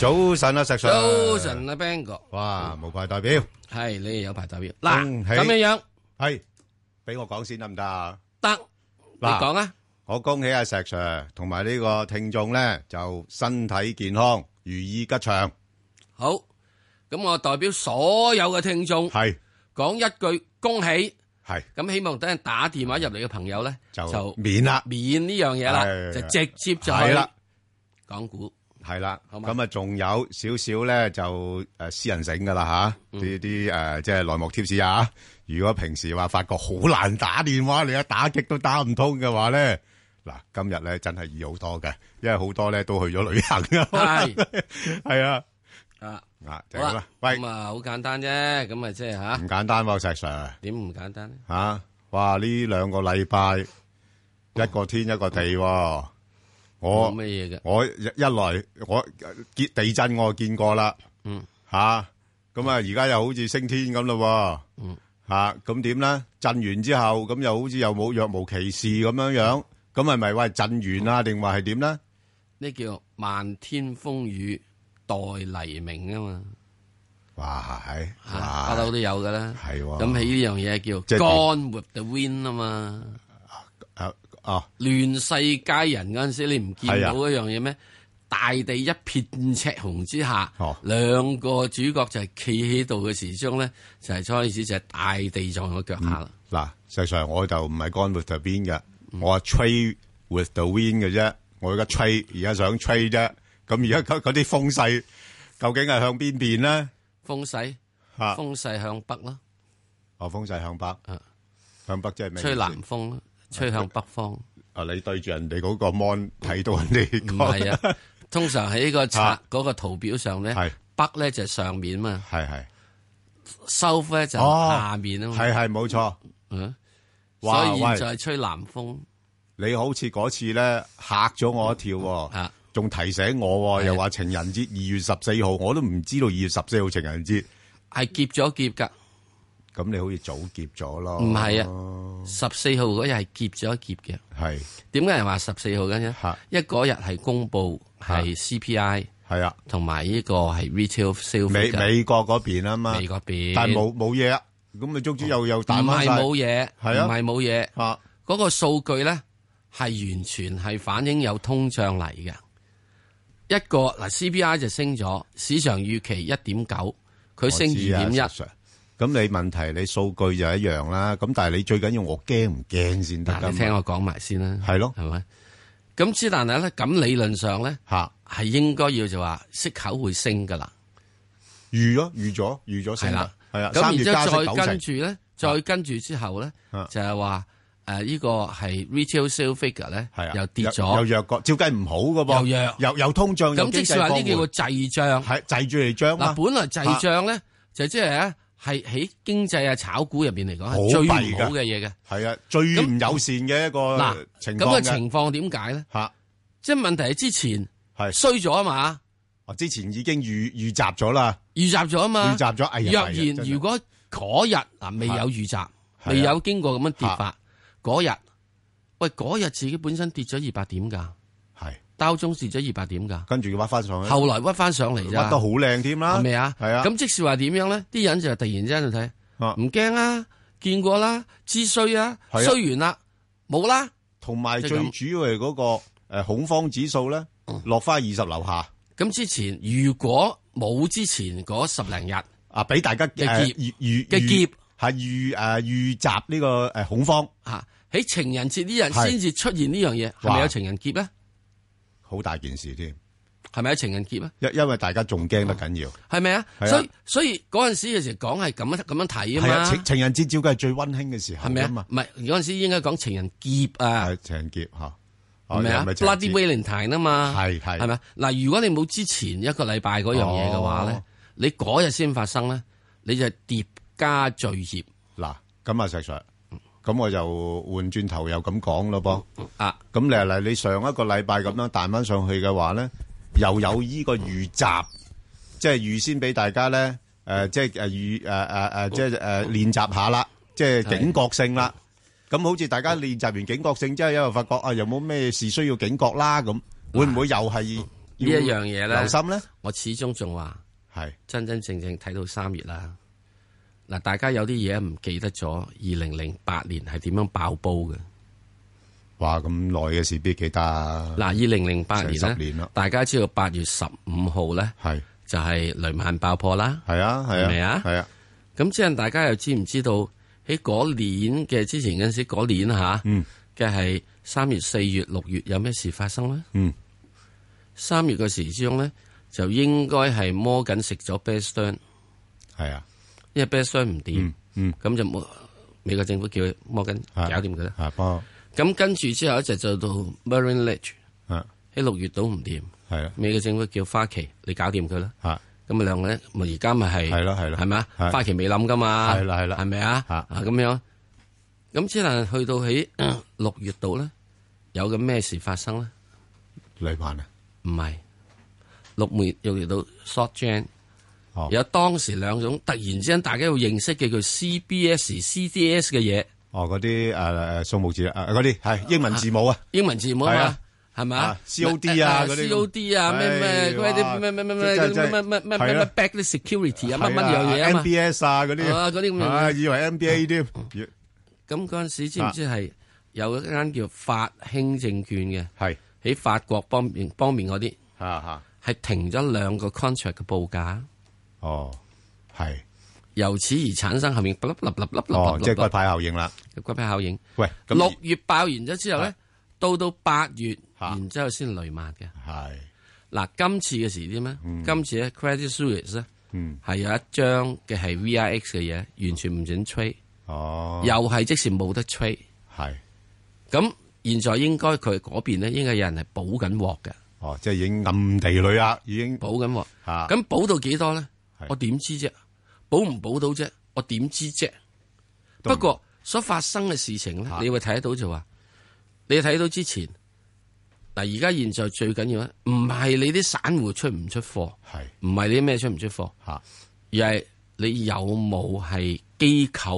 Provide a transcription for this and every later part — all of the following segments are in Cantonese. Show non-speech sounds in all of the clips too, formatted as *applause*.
早晨啊，石 Sir！早晨啊，Bang 哥！哇，無牌代表，係你哋有排代表。嗱，咁樣樣，係俾我講先得唔得？得，嗱，你講啊！我恭喜阿石 Sir 同埋呢個聽眾咧，就身體健康，如意吉祥。好，咁我代表所有嘅聽眾，係講一句恭喜。係咁，希望等陣打電話入嚟嘅朋友咧，就免啦，免呢樣嘢啦，就直接就係講股。係啦，咁啊仲有少少咧就誒私人性噶啦吓，呢啲誒即係內幕貼士啊！如果平時話發覺好難打電話你一話啊，打極都打唔通嘅話咧，嗱今日咧真係易好多嘅，因為好多咧都去咗旅行 *laughs* 啊，係啊啊啊，啊就是、好啦，喂咁啊好簡單啫，咁、就是、啊即係吓，唔簡單喎、啊，石 Sir，點唔簡單咧？吓、啊、哇呢兩個禮拜、呃、一個天一個地、啊。呃呃我乜嘢嘅？我一來我見地震，我見過啦。嗯。吓，咁啊，而家又好似升天咁咯。嗯。吓，咁點咧？震完之後，咁又好似又冇若無其事咁樣樣。咁係咪喂震完啊？定話係點咧？呢叫漫天風雨待黎明啊嘛。哇係，阿兜都有噶啦。係喎。咁喺呢樣嘢叫 Gone with the wind 啊嘛。哦、啊，亂世佳人嗰陣時，你唔見到一、啊、樣嘢咩？大地一片赤紅之下，兩、啊、個主角就係企喺度嘅時鐘咧，就係、是、開始就係大地在個腳下啦。嗱、嗯、，石 Sir，、啊、我就唔係 gone with the wind 嘅，我係 trade with the wind 嘅啫。我而家 trade，而家想 trade 啫。咁而家嗰啲風勢究竟係向邊邊咧？風勢，風勢向北咯、啊啊。哦，風勢向北，啊、向北即係咩？吹南風啦。吹向北方。啊，你對住人哋嗰個芒睇到人哋。係啊， *laughs* 通常喺呢個冊、嗰個圖表上咧，啊，北咧就上面嘛。係係，收翻一陣下面嘛啊。係係，冇錯。嗯，所以現在吹南風。你好似嗰次咧嚇咗我一跳，仲，啊，提醒我，又話情人節二月十四號，我都唔知道二月十四號情人節係結咗結㗎。是夾咁你好似早劫咗咯？唔係啊，十四號嗰日係劫咗一劫嘅。係點解人話十四號嗰日？一嗰日係公布係 CPI，係啊，同埋呢個係 retail sale。美美國嗰邊啊嘛，美國嗰邊，但係冇冇嘢啊？咁啊，總之有有，但係冇嘢，係啊，唔係冇嘢。嗰個數據咧係完全係反映有通脹嚟嘅。一個嗱，CPI 就升咗，市場預期一點九，佢升二點一。咁你問題，你數據就一樣啦。咁但係你最緊要，我驚唔驚先得。咁聽我講埋先啦。係咯，係咪？咁之但係咧，咁理論上咧，吓係應該要就話息口會升噶啦。預咗，預咗，預咗升啦。係啊，咁然之後再跟住咧，再跟住之後咧，就係話誒呢個係 retail sales figure 咧，係啊，又跌咗，又弱過，照計唔好噶噃，又弱，又又通脹，咁即係話呢啲叫做滯脹，係滯住嚟漲。嗱，本來滯脹咧就即係。係喺經濟啊、炒股入邊嚟講，係最唔好嘅嘢嘅，係啊，最唔友善嘅一個嗱情況。咁嘅情況點解咧？吓，即係問題係之前係衰咗啊嘛。哦，之前已經預預集咗啦，預集咗啊嘛，預集咗。哎呀，若然如果嗰日嗱未有預集，未有經過咁樣跌法，嗰日，喂，嗰日自己本身跌咗二百點㗎。兜中跌咗二百點噶，跟住要屈翻上去，後來屈翻上嚟，屈得好靚添啦，係咪啊？係啊。咁、啊、即係話點樣咧？啲人就係突然之間，就睇唔驚啊？見過啦，知衰啊，衰、嗯、完啦，冇啦。同埋、啊、最主要係嗰、嗰個誒恐慌指數咧，落翻二十樓下。咁之前如果冇之前嗰十零日啊，俾大家嘅劫，嘅劫，揭係預誒預習呢個誒恐慌吓。喺情人節呢日先至出現呢樣嘢，係咪有情人劫咧？好大件事添，係咪啊？情人劫啊，因因為大家仲驚得緊要，係咪啊？所以所以嗰陣時有時講係咁樣咁樣睇啊嘛。情情人節照計係最溫馨嘅時候，係咪啊？嘛，唔係嗰陣時應該講情人劫啊，係、啊、情人劫吓，係咪啊 Bloody Valentine 啊嘛，係係咪嗱，如果你冇之前一個禮拜嗰樣嘢嘅話咧、啊，你嗰日先發生咧，你就係疊加罪孽。嗱，咁啊，石 Sir。咁我就換轉頭又咁講咯噃，啊，咁嚟嚟你上一個禮拜咁樣彈翻上去嘅話咧，又有依個預習，即係預先俾大家咧，誒、呃，即係誒預誒誒誒，即係誒練習下啦，即係警覺性啦。咁好似大家練習完警覺性之後，又發覺啊，又有冇咩事需要警覺啦？咁會唔會又係呢一樣嘢咧？留心咧、啊，我始終仲話係真真正正睇到三月啦。嗱，大家有啲嘢唔記得咗。二零零八年係點樣爆煲嘅？哇！咁耐嘅事邊幾，邊記得啊！嗱，二零零八年咧，大家知道八月十五號咧，係就係、是、雷曼爆破啦。係啊，係啊，係啊。咁之後，啊、大家又知唔知道喺嗰年嘅之前嗰陣時，嗰年嚇嘅係三月、四月、六月有咩事發生咧？嗯，三月嘅時之中咧，就應該係摩根食咗 Bear Stearns，係啊。因為 Bear Stearns 唔掂，嗯，咁、嗯、就冇美國政府叫佢摩根搞掂佢啦。咁跟住之後一直就到 Merrill Lynch，喺六月度唔掂，係啦。美國政府叫花旗你搞掂佢啦。咁啊，兩個咧，咪而家咪係，係咯係咯，係嘛？花旗未諗噶嘛？係啦係啦，係咪啊？啊咁樣，咁只能去到喺六月度咧，有個咩事發生咧？雷曼啊？唔係，六月六月到 Short Jane。有當時兩種突然之間大家要認識嘅叫 C B S C D S 嘅嘢，哦嗰啲誒誒數目字啊嗰啲英文字母啊，啊英文字母啊係咪 C O D 啊 C O D 啊咩咩嗰啲咩咩咩咩咩咩咩咩咩 Back Security 啊乜乜有嘢啊嘛 M B S 啊嗰啲啊嗰啲咁樣啊，啊，啊以為 N B A 添咁嗰陣時知唔知係，啊、有一間叫法興證券嘅係喺法國方面方面嗰啲係係係停咗兩個 contract 嘅報價。哦，係由此而產生後面不甩不甩不甩即係骨牌效應啦。骨牌效應。喂，六月爆完咗之後咧，到到八月，然之後先累埋嘅。係嗱，今次嘅時啲咩、嗯？今次咧，Credit Suisse 咧、嗯，係有一張嘅係 VIX 嘅嘢，完全唔准 trade。哦，又係即使冇得 trade。係咁，現在應該佢嗰邊咧，應該有人係補緊鑊嘅。哦，即係已經暗地裏啊，已經補緊鑊。咁補、啊、到幾多咧？我點知啫？保唔保到啫？我點知啫？不過所發生嘅事情咧，你會睇得到就話，你睇到之前，嗱，而家現在最緊要咧，唔係你啲散戶出唔出貨，係唔係你啲咩出唔出貨，而係你有冇係機構，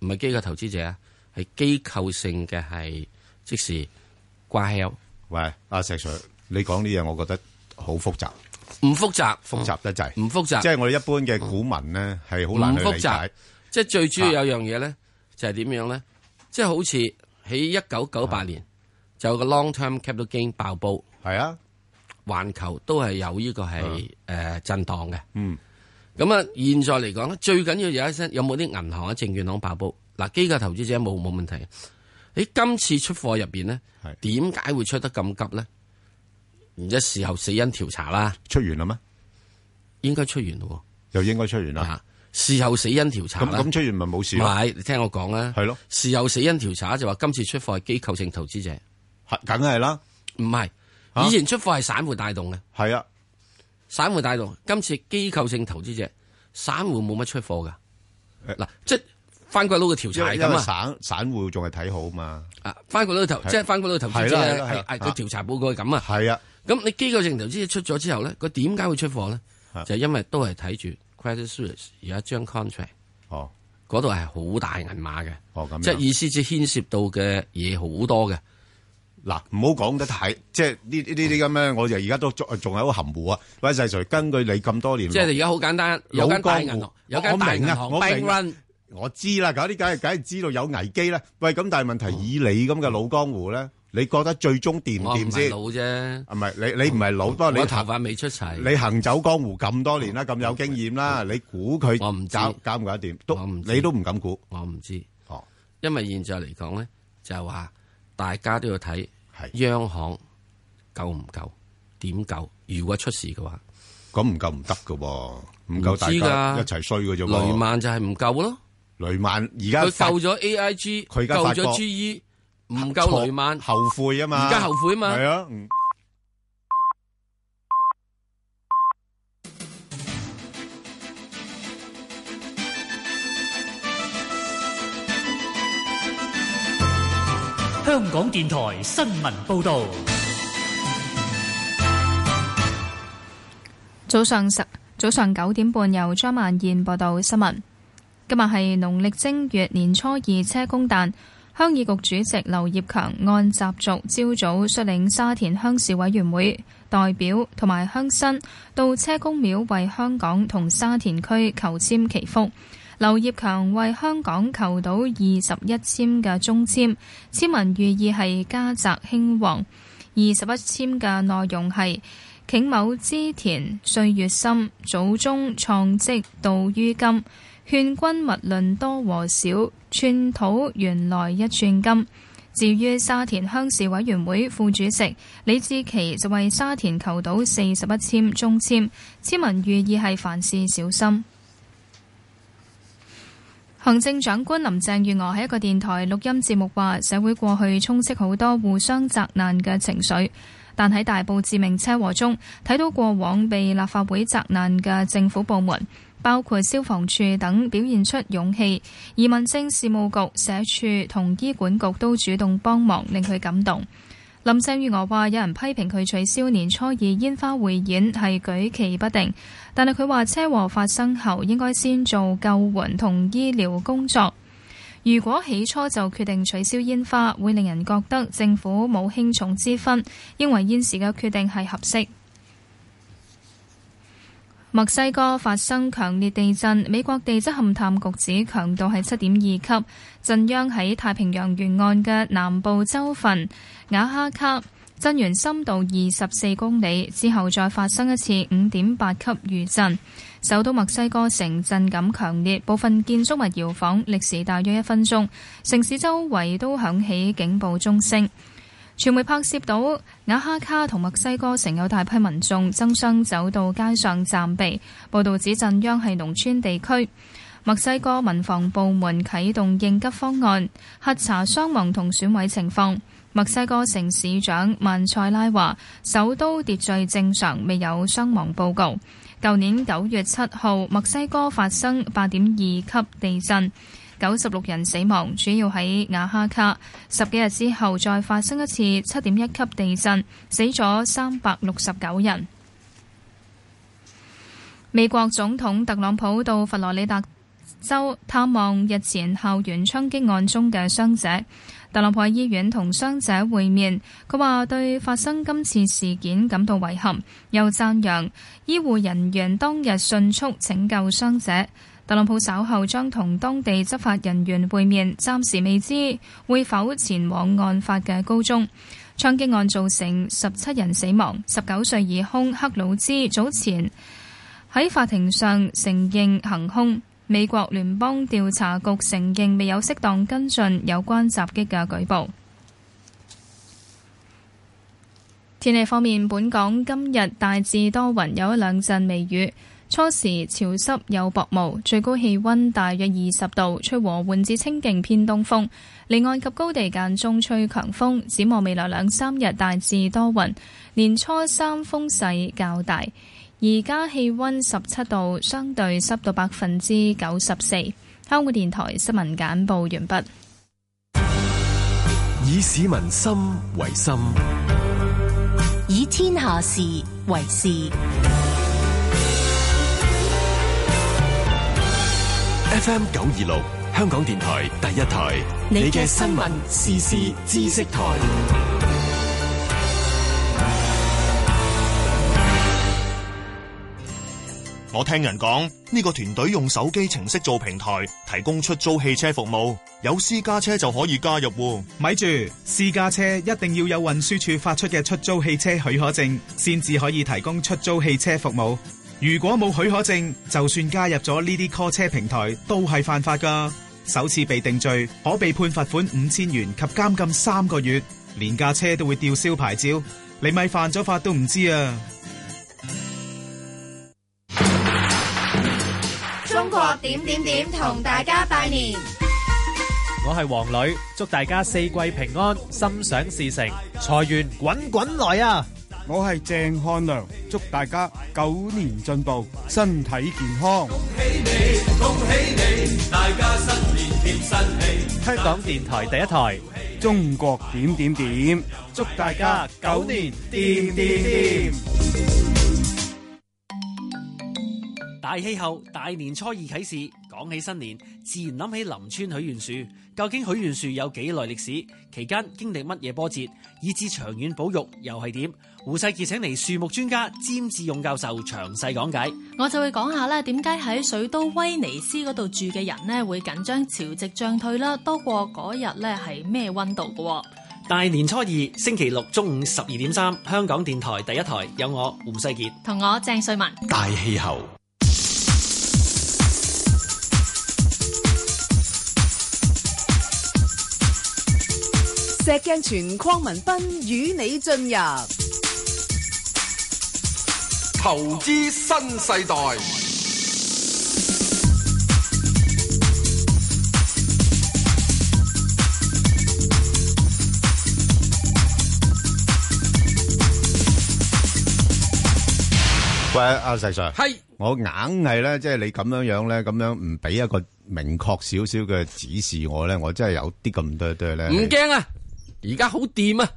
唔係機構投資者啊，係機構性嘅係即時掛鈎。喂，阿石 Sir，你講呢樣我覺得好複雜。唔複雜，複雜得滯。唔、嗯、複雜，即係我哋一般嘅股民咧，係、嗯、好難去理解，不複雜，即係最主要有樣嘢咧、啊，就係、是、點樣咧？即係好似喺一九九八年、啊、就有個 long term capital gain 爆煲，係啊，環球都係有呢個係誒、啊呃、震盪嘅。嗯，咁啊，現在嚟講咧，最緊要的有，沒有一有冇啲銀行啊、證券行爆煲？嗱、啊，機構投資者冇冇問題？誒，今次出貨入邊咧，點解會出得咁急咧？唔即係事後死因調查啦，出完啦咩？應該出完咯，又應該出完啦、啊。事後死因調查啦，咁出完咪冇事？唔係，你聽我講啊，係咯，事後死因調查就話今次出貨係機構性投資者，係梗係啦，唔係以前出貨係散戶帶動嘅，係啊，散戶帶動，今次機構性投資者，散戶冇乜出貨噶，嗱、欸啊、即。番鬼佬嘅調查咁啊，散散戶仲係睇好嘛。返翻鬼佬嘅即係翻鬼佬投資，即係係個調查報告係咁啊。係咁、啊、你機構性投資一出咗之後呢，佢點解會出貨呢？啊、就係、因為都係睇住 Credit Suisse 而家張 contract 哦。哦，嗰度係好大銀碼嘅。即係意思即係牽涉到嘅嘢好多嘅。嗱、啊，唔好講得太、啊、即係呢啲咁樣。我就而家都仲仲係好含糊啊。喂，細碎，根據你咁多年，即係而家好簡單，有間大銀行，有間大銀行我知啦，嗰啲梗係梗係知道有危機啦。喂，咁但係問題以你咁嘅老江湖咧，你覺得最終掂唔掂先？我老啫，係咪？你你唔係老，不過你頭髮未出齊。你行走江湖咁多年啦，咁有經驗啦，你估佢？我唔搞知，搞唔搞得掂都你都唔敢估。我唔知，哦，因為現在嚟講咧，就係、是、話大家都要睇央，央行夠唔夠點夠。如果出事嘅話，咁唔夠唔得噶，唔夠大家一齊衰噶啫嘛。雷曼就係唔夠咯。雷曼而家佢救咗 AIG，佢救咗 GE，唔救雷曼後悔啊嘛，而家後悔啊嘛，係啊、嗯。香港電台新聞報道，早上十早上九點半由張曼燕報道新聞。今日係農曆正月年初二，車公誕，鄉議局主席劉業強按習俗，朝早率領沙田鄉事委員會代表同埋鄉紳到車公廟為香港同沙田區求簽祈福。劉業強為香港求到二十一簽嘅中簽，簽文寓意係家宅興旺。二十一簽嘅內容係：頃某之田歲月深，祖宗創績到於今。勸君勿論多和少，寸土原來一寸金。至於沙田鄉事委員會副主席李志奇，就為沙田求到四十一簽中簽，簽文寓意係凡事小心。行政長官林鄭月娥喺一個電台錄音節目話：社會過去充斥好多互相責難嘅情緒，但喺大埔致命車禍中，睇到過往被立法會責難嘅政府部門。包括消防處等表現出勇氣，移民政事務局社署同醫管局都主動幫忙，令佢感動。林鄭月娥話：有人批評佢取消年初二煙花匯演係舉棋不定，但係佢話車禍發生後應該先做救援同醫療工作。如果起初就決定取消煙花，會令人覺得政府冇輕重之分，因為現時嘅決定係合適。墨西哥發生強烈地震，美國地質勘探局指強度係七點二級，震央喺太平洋沿岸嘅南部州份瓦哈卡，震源深度二十四公里。之後再發生一次五點八級餘震，首都墨西哥城震感強烈，部分建築物搖晃，歷時大約一分鐘。城市周圍都響起警報鐘聲。傳媒拍攝到雅哈卡同墨西哥城有大批民眾爭相走到街上暫避。報道指震央係農村地區。墨西哥民防部門啟動應急方案，核查傷亡同損毀情況。墨西哥城市長曼塞拉話：首都秩序正常，未有傷亡報告。舊年九月七號，墨西哥發生八點二級地震。九十六人死亡，主要喺瓦哈卡。十幾日之後再發生一次七點一級地震，死咗三百六十九人。美國總統特朗普到佛羅里達州探望日前校園槍擊案中嘅傷者。特朗普喺醫院同傷者會面，佢話對發生今次事件感到遺憾，又讚揚醫護人員當日迅速拯救傷者。特朗普稍後將同當地執法人員會面，暫時未知會否前往案發嘅高中。槍擊案造成十七人死亡，十九歲疑兇克魯茲早前喺法庭上承認行兇。美國聯邦調查局承認未有適當跟進有關襲擊嘅舉報。天氣方面，本港今日大致多雲，有一兩陣微雨。初時潮濕有薄霧，最高氣溫大約二十度，吹和緩至清勁偏東風。離岸及高地間中吹強風。展望未來兩三日大致多雲，年初三風勢較大。而家氣溫十七度，相對濕度百分之九十四。香港電台新聞簡報完畢。以市民心為心，以天下事為事。FM 九二六，香港電台第一台。你嘅新聞、時事、知識台。我聽人講，呢個團隊用手機程式做平台，提供出租汽車服務。有私家車就可以加入。咪住，私家車一定要有運輸處發出嘅出租汽車許可證，先至可以提供出租汽車服務。如果冇許可證，就算加入咗呢啲 call 車平台都係犯法噶。首次被定罪，可被判罰款五千元及監禁三個月，連架車都會吊銷牌照。你咪犯咗法都唔知啊！中國點點點同大家拜年，我係黃磊，祝大家四季平安，心想事成，財源滾滾來啊！我係鄭漢良，祝大家狗年進步，身體健康。恭喜你，恭喜你，大家新年添新氣。香港電台第一台，中國點點點，祝大家狗年掂掂掂。大氣候大年初二啟事。講起新年，自然諗起林村許願樹。究竟許願樹有幾耐歷史？期間經歷乜嘢波折？以至長遠保育又係點？胡世傑請嚟樹木專家詹志勇教授，詳細講解。我就會講下咧，點解喺水都威尼斯嗰度住嘅人呢，會緊張潮汐漲退啦？多過嗰日咧係咩溫度嘅？大年初二星期六中午十二點三，香港電台第一台有我胡世傑同我鄭瑞文大氣候。石鏡泉，鄺民彬與你進入。投資新世代，喂阿細、啊、Sir，係我硬係咧，即、就、係、是、你咁樣樣咧，咁樣唔俾一個明確少少嘅指示我咧，我真係有啲咁多多咧，唔驚啊，而家好掂啊，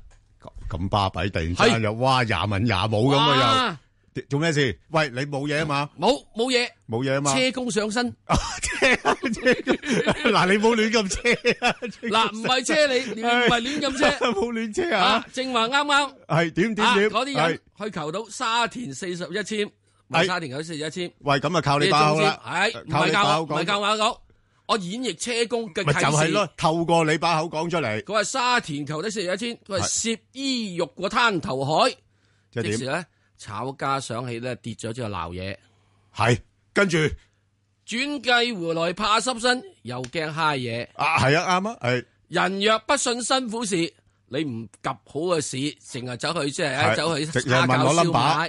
咁巴閉突然之間又哇廿文廿武咁啊又。做咩事？喂，你冇嘢啊嘛？冇冇嘢，冇嘢啊嘛？車公上身，車車嗱你冇亂咁車，嗱唔係車你，唔係亂咁車，冇亂車啊？正話啱啱係點點點？嗰啲人去求到沙田四十一簽，係沙田求四十一簽。喂，咁啊靠你把口啦，係唔係靠把口？唔係靠把口，我演繹車公嘅睇市。咪就係咯，透過你把口講出嚟。佢話沙田求得四十一簽，佢係涉衣浴過灘頭海，即係點咧。炒家想起咧跌咗之後鬧嘢，係跟住轉計回來怕濕身，又驚嗨嘢。啊，係啊，啱啊，係。人若不信辛苦事，你唔及好嘅事，成日走去即係，走去搞燒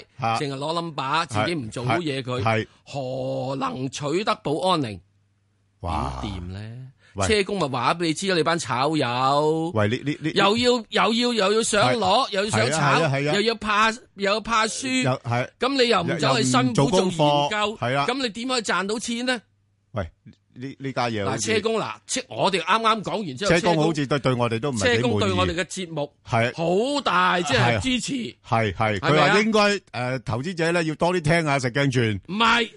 賣，成日攞冧把，自己唔做好嘢，佢係何能取得保安寧？點掂咧？車公咪話俾你知咗你班炒友，喂，你你你又要又要又要想攞，又要想炒，又要怕，又要怕輸，係，咁你又唔走去辛苦做研究，係啊，咁你點可以賺到錢咧？喂，呢呢家嘢嗱，車公嗱，我哋啱啱講完之後，車公好似對對我哋都唔車公對我哋嘅節目係好大，即係支持，係係，佢話應該誒，投資者咧要多啲聽下石鏡泉，唔係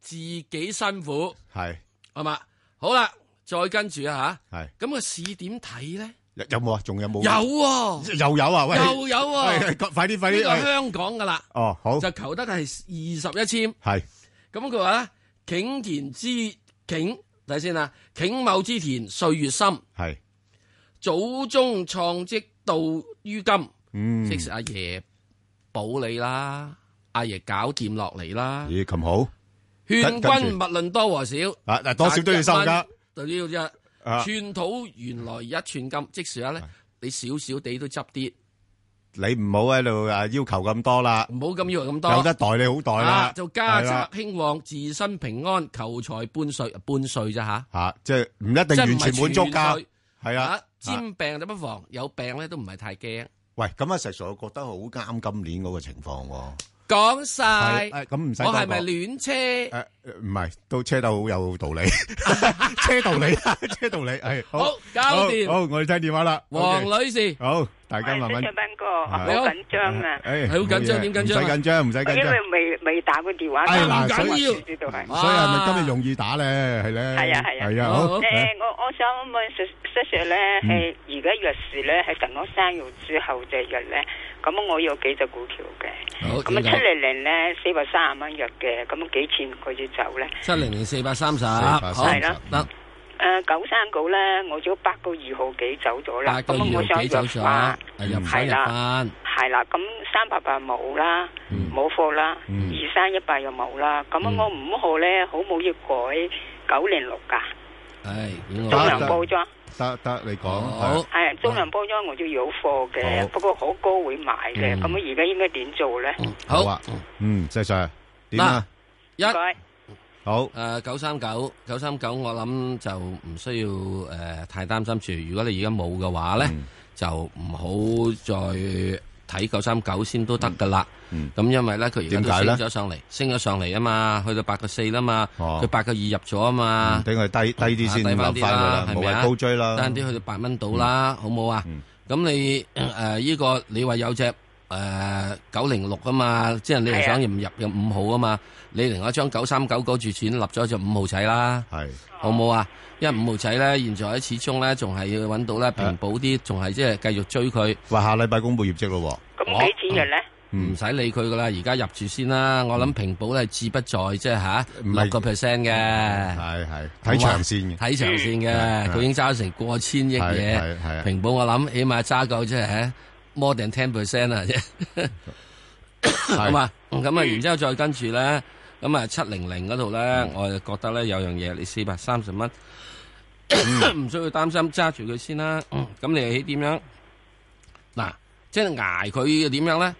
自己辛苦，係，係嘛，好啦。再跟住啊吓，係咁個市點睇咧？有冇啊？仲有冇？有，又有啊？喂，又有啊？快啲，快啲！香港噶啦，哦好，就求得係二十一籤，係咁佢話咧，景田之景，睇先啊，景某之田歲月深，係祖宗創績到於今，嗯，即是阿爺保你啦，阿爺搞掂落嚟啦，咦咁好？勸君勿論多和少，啊，嗱多少都要收噶。就要寸土，原來一寸金，即係下咧，你少少地都執啲，你唔好喺度啊要求咁多啦，唔好咁要求咁多，有得袋你好袋啦、啊，就家宅興旺，自身平安，求財半歲半歲咋吓吓，即係唔一定完全滿足噶，係啊，兼病就不妨，啊、有病咧都唔係太驚。喂，咁啊，石嫂我覺得好啱今年嗰個情況。講晒，咁唔使。我係咪亂車？誒、啊，唔係，都車得好有道理， *laughs* *laughs* 車道理，車道理，係好搞掂。好，我哋聽電話啦，黃女士。OK，好。大家慢慢，哥，好緊張啊！係好緊張，點緊張？唔使緊張，唔使緊張。哎、因為未未打過電話，係唔緊要。所以,所以係咪今日容易打咧，係咧、啊。係啊係啊,啊，好。誒、啊，我我想問 s i Sir 咧，係而家入市咧，喺平安生月之後就入咧。咁我有幾隻股票嘅？好。咁七零零咧，四百三十蚊入嘅，咁幾錢佢就走咧？七零零四百三十，好。誒，九三九咧，我早八個二號幾走咗啦，八個二號幾走咗，係啦，係啦，咁三百八冇啦，冇貨啦，二三一八又冇啦，咁樣我五號咧，好冇要改九零六噶，係，中糧包裝，得得，你講，好，係中糧包裝我就有貨嘅，不過好高會買嘅，咁我而家應該點做咧？好啊，嗯，謝 Sir，嗱，一。好，誒九三九，九三九，我諗就唔需要誒、uh, 太擔心住。如果你而家冇嘅話咧、嗯，就唔好再睇九三九先都得噶啦。咁、嗯嗯、因為咧佢而家都升咗上嚟，升咗上嚟啊嘛，嘛，去到八個四啦嘛，佢八個二入咗啊嘛，等、嗯、佢低低啲先低啲嚟啦，冇咁、啊、高追啦，低啲去到八蚊到啦，嗯、好唔好啊？咁、嗯、你誒依、uh, 依個你話有隻。誒、呃，九零六啊嘛，係啊，即係你嚟想入唔入五號啊嘛，啊你另外一張九三九嗰注錢立咗隻五號仔啦，係、啊、好唔好啊？因為五號仔咧，現在始終咧仲係要揾到咧平保啲，仲係、啊、即係繼續追佢。話下禮拜公布業績咯、啊，咁幾錢嘅咧？唔、嗯、使、嗯、理佢㗎喇，而家入住先啦。我諗平保係志不在，即係吓六個 percent 嘅，係係睇長線嘅，睇、啊、長線嘅，佢、啊、已經揸成過千億嘢，係係、啊啊、平保我，我諗起碼揸夠即係。more than ten percent 啊，啫 *laughs* 錯。咁 *coughs* 啊，咁啊，okay. 然之後再跟住咧，咁啊，七零零嗰度咧，我就覺得咧有樣嘢，你四百三十蚊，唔、mm. *coughs* 需要擔心，揸住佢先啦。咁、mm. 你起點樣？嗱、啊，即係捱佢又點樣咧？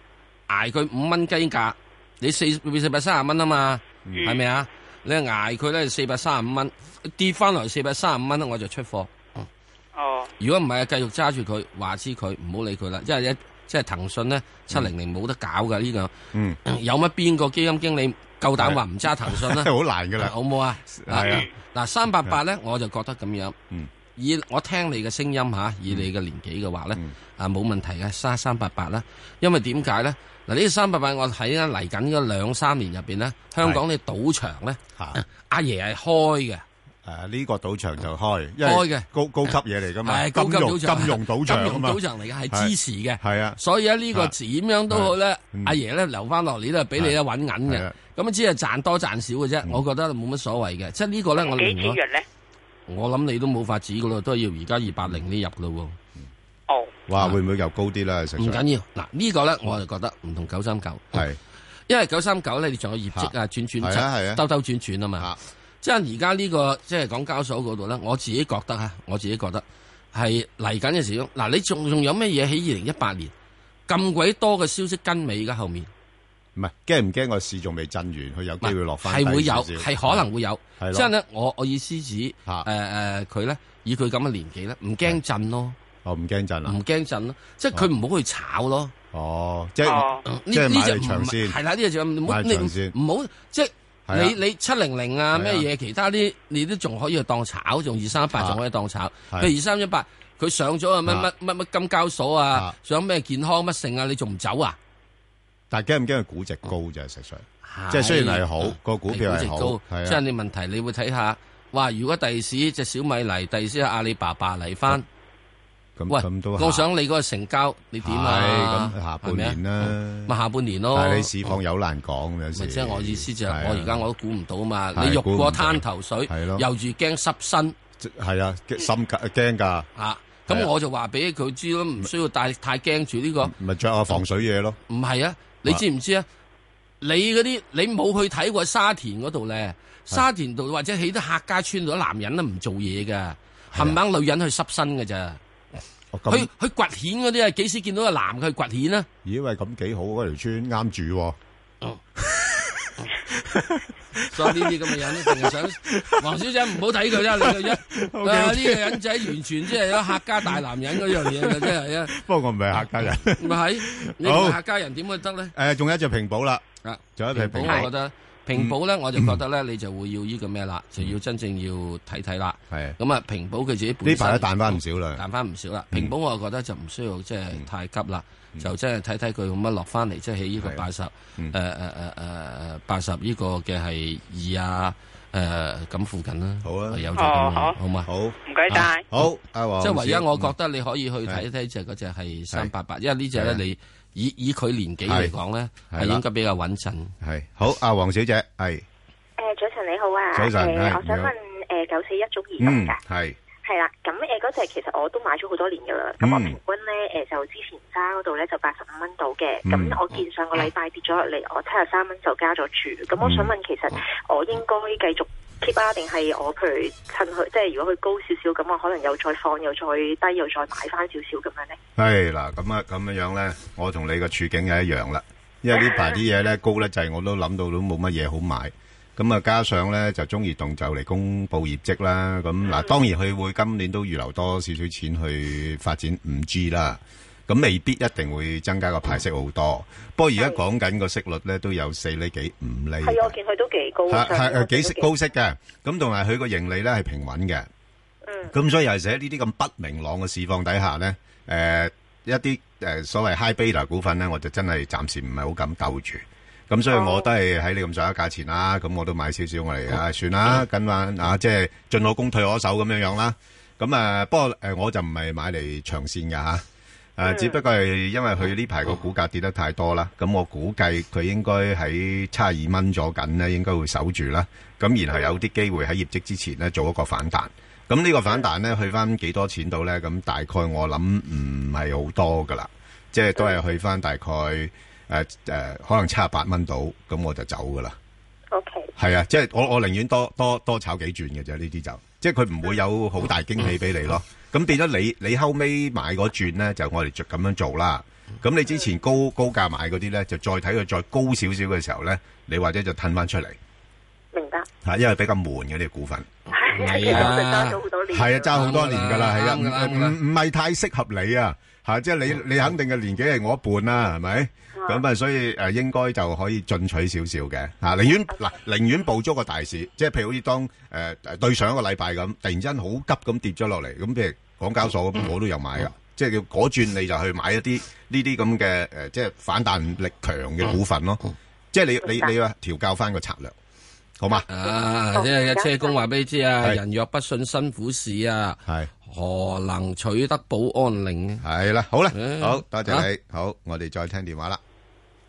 捱佢五蚊雞價，你四四百三十蚊啊嘛，係、mm. 咪啊？你捱佢咧四百三十五蚊，跌翻落四百三十五蚊，我就出貨。哦，如果唔係啊，繼續揸住佢，話之佢，唔好理佢啦。因為一即係騰訊咧，七零零冇得搞噶呢個。嗯，有乜邊個基金經理夠膽話唔揸騰訊咧？即係好 *laughs* 難噶啦，好唔好啊？係啊，嗱，三八八咧，我就覺得咁樣。嗯，以我聽你嘅聲音吓，以你嘅年紀嘅話咧，啊，冇問題嘅，三三八八啦。因為點解咧？嗱，呢三八八我睇緊嚟緊嗰兩三年入邊咧，香港啲賭場咧，阿爺係開嘅。誒、啊，呢、這個賭場就開，開嘅高高級嘢嚟噶嘛，金融高級賭金融賭場，賭場嚟嘅係支持嘅，係啊，所以呢個點樣都好咧，阿爺咧留翻落嚟都係俾你一搵銀嘅，咁只係賺多賺少嘅啫，我覺得冇乜所謂嘅、嗯，即係呢，呢，、哦會會呢係這個呢，幾錢入呢，我諗你都冇法子噶咯，都要而家二百零呢入噶咯，哦，哇，會唔會又高啲咧？唔緊要，嗱呢個咧我就覺得唔同九三九，係、嗯，因為九三九咧你仲有業績啊，轉轉，兜兜轉轉啊嘛。即係而家呢個即係港交所嗰度咧，我自己覺得啊，我自己覺得係嚟緊嘅時候。嗱，你仲仲有咩嘢喺二零一八年咁鬼多嘅消息跟尾？而家後面唔係驚唔驚？個市仲未震完，佢有機會落翻係會有，係可能會有。即係咧，我我意思指誒誒，佢咧、呃、以佢咁嘅年紀咧，唔驚震咯。哦，唔驚震，不怕震啊？唔驚震咯，即係佢唔好去炒咯。哦，即係、啊嗯、即係買長線，係啦，呢隻就唔好，唔好即係。你啊、你你七零零啊咩嘢、啊、其他啲你都仲可以去當炒，仲二三一八仲可以當炒。譬、啊、如二三一八，佢上咗啊乜乜乜乜金交所啊，啊，上咩健康乜性啊，你仲唔走啊？但驚唔驚佢估值高就係實上，即係雖然係好、啊那個股票值高，即係你問題你會睇下，哇！如果第二市隻小米嚟，第二市阿里巴巴嚟翻。喂，都我想你嗰個成交你點啊？咁下半年啦，咪、嗯、下半年咯。但係你市況有難講，嘅、哦，即係我意思就係、啊，我而家我都估唔到嘛。你浴過灘頭水，係咯、啊，又住驚濕身。係啊，心驚驚噶吓。咁、嗯啊啊啊、我就話俾佢知咯，唔需要，帶太驚住呢個。咪着下防水嘢咯。唔係啊，你知唔知啊？你嗰啲你冇去睇過沙田嗰度咧？沙田度或者起得客家村度，男人都唔做嘢㗎，冚唪唥女人去濕身噶咋。佢佢掘蜆嗰啲啊，幾時見到個男嘅去掘蜆啦？咦，喂咁幾好嗰條村啱住，所以呢啲咁嘅人咧，成日想黃小姐唔好睇佢啦，你一啊呢個人仔完全即係有客家大男人嗰樣嘢啊，真係啊！不過我唔係客家人，唔係你係客家人點會得咧？誒，仲有一隻平保啦，啊，仲有一平保，我覺得。平保咧、嗯，我就覺得咧，你就會要呢個咩啦、嗯，就要真正要睇睇啦。咁、嗯、啊，平保佢自己呢排都彈翻唔少啦，彈翻唔少啦、嗯。平保我覺得就唔需要即係、就是嗯、太急啦、嗯，就即係睇睇佢咁乜落翻嚟，即係喺呢個八十誒誒誒誒八十呢個嘅係二啊誒咁附近啦、啊啊。好啊，有咗咁樣，好嘛，好。唔該晒。好，即、啊、係唯一，我覺得你可以去睇一睇、啊，就嗰隻係三八八，因為呢隻咧、啊、你。以以佢年紀嚟講咧，係應該比較穩陣。係好，阿、啊、黃小姐，係誒早晨你好啊，早晨，呃、我想問誒九四一總二動中移動噶係係啦，咁誒嗰隻其實我都買咗好多年噶啦，咁、嗯、我平均咧誒就之前揸嗰度咧就八十五蚊到嘅，咁、嗯、我見上個禮拜跌咗落嚟，我七十三蚊就加咗住，咁我想問其實我應該繼續。Keep 啊？定係我譬如趁佢，即係如果佢高少少咁，我可能又再放，又再低，又再買翻少少咁樣咧？係。嗱，咁啊，咁樣樣咧，我同你個處境係一樣啦。因為呢排啲嘢咧高咧就係我都諗到都冇乜嘢好買。咁啊，加上咧就中移動就嚟公佈業績啦。咁嗱，當然佢會今年都預留多少少錢去發展五 G 啦。咁未必一定會增加個派息好多，不過而家講緊個息率咧都有四厘幾、五厘。係，我見佢都幾高。係係幾高息㗎，咁同埋佢個盈利咧係平穩嘅。嗯。咁所以又係喺呢啲咁不明朗嘅市況底下咧，誒一啲誒所謂 high beta 股份咧，我就真係暫時唔係好敢夠住。咁所以我都係喺你咁上下價錢啦，咁我都買少少我嚟啊，算啦，咁嘛啊，即係進可攻退可守咁樣樣啦。咁啊，不過誒我就唔係買嚟長線㗎嚇。誒，只不過係因為佢呢排個股價跌得太多啦，咁、哦、我估計佢應該喺七十二蚊左緊咧，應該會守住啦。咁然後有啲機會喺業績之前咧做一個反彈。咁呢個反彈咧去翻幾多錢到咧？咁大概我諗唔係好多噶啦，即係都係去翻大概誒、呃呃、可能七十八蚊到，咁我就走噶啦。OK。係啊，即係我我寧願多多多炒幾轉嘅啫，呢啲就。即係佢唔會有好大驚喜俾你咯，咁變咗你你後尾買嗰轉咧就我哋就咁樣做啦。咁你之前高高價買嗰啲咧，就再睇佢再高少少嘅時候咧，你或者就褪翻出嚟。明白。嚇，因為比較悶嘅啲股份。係啊。揸咗好多年，係啊，揸好多年㗎啦，係啊，唔唔唔係太適合你啊！嚇，即係你你肯定嘅年紀係我一半啦，係咪？咁啊，所以誒應該就可以進取少少嘅嚇，寧願嗱寧願補足個大市，即係譬如好似當誒對上一個禮拜咁，突然之間好急咁跌咗落嚟，咁譬如港交所，咁我都有買㗎，即係叫嗰轉你就去買一啲呢啲咁嘅誒，即係反彈力強嘅股份咯。即係你你你要調教翻個策略，好嘛？啊，即係車公話俾你知啊，人若不信辛苦事啊，何能取得保安寧咧？係啦，好啦，好多謝你，好，我哋再聽電話啦。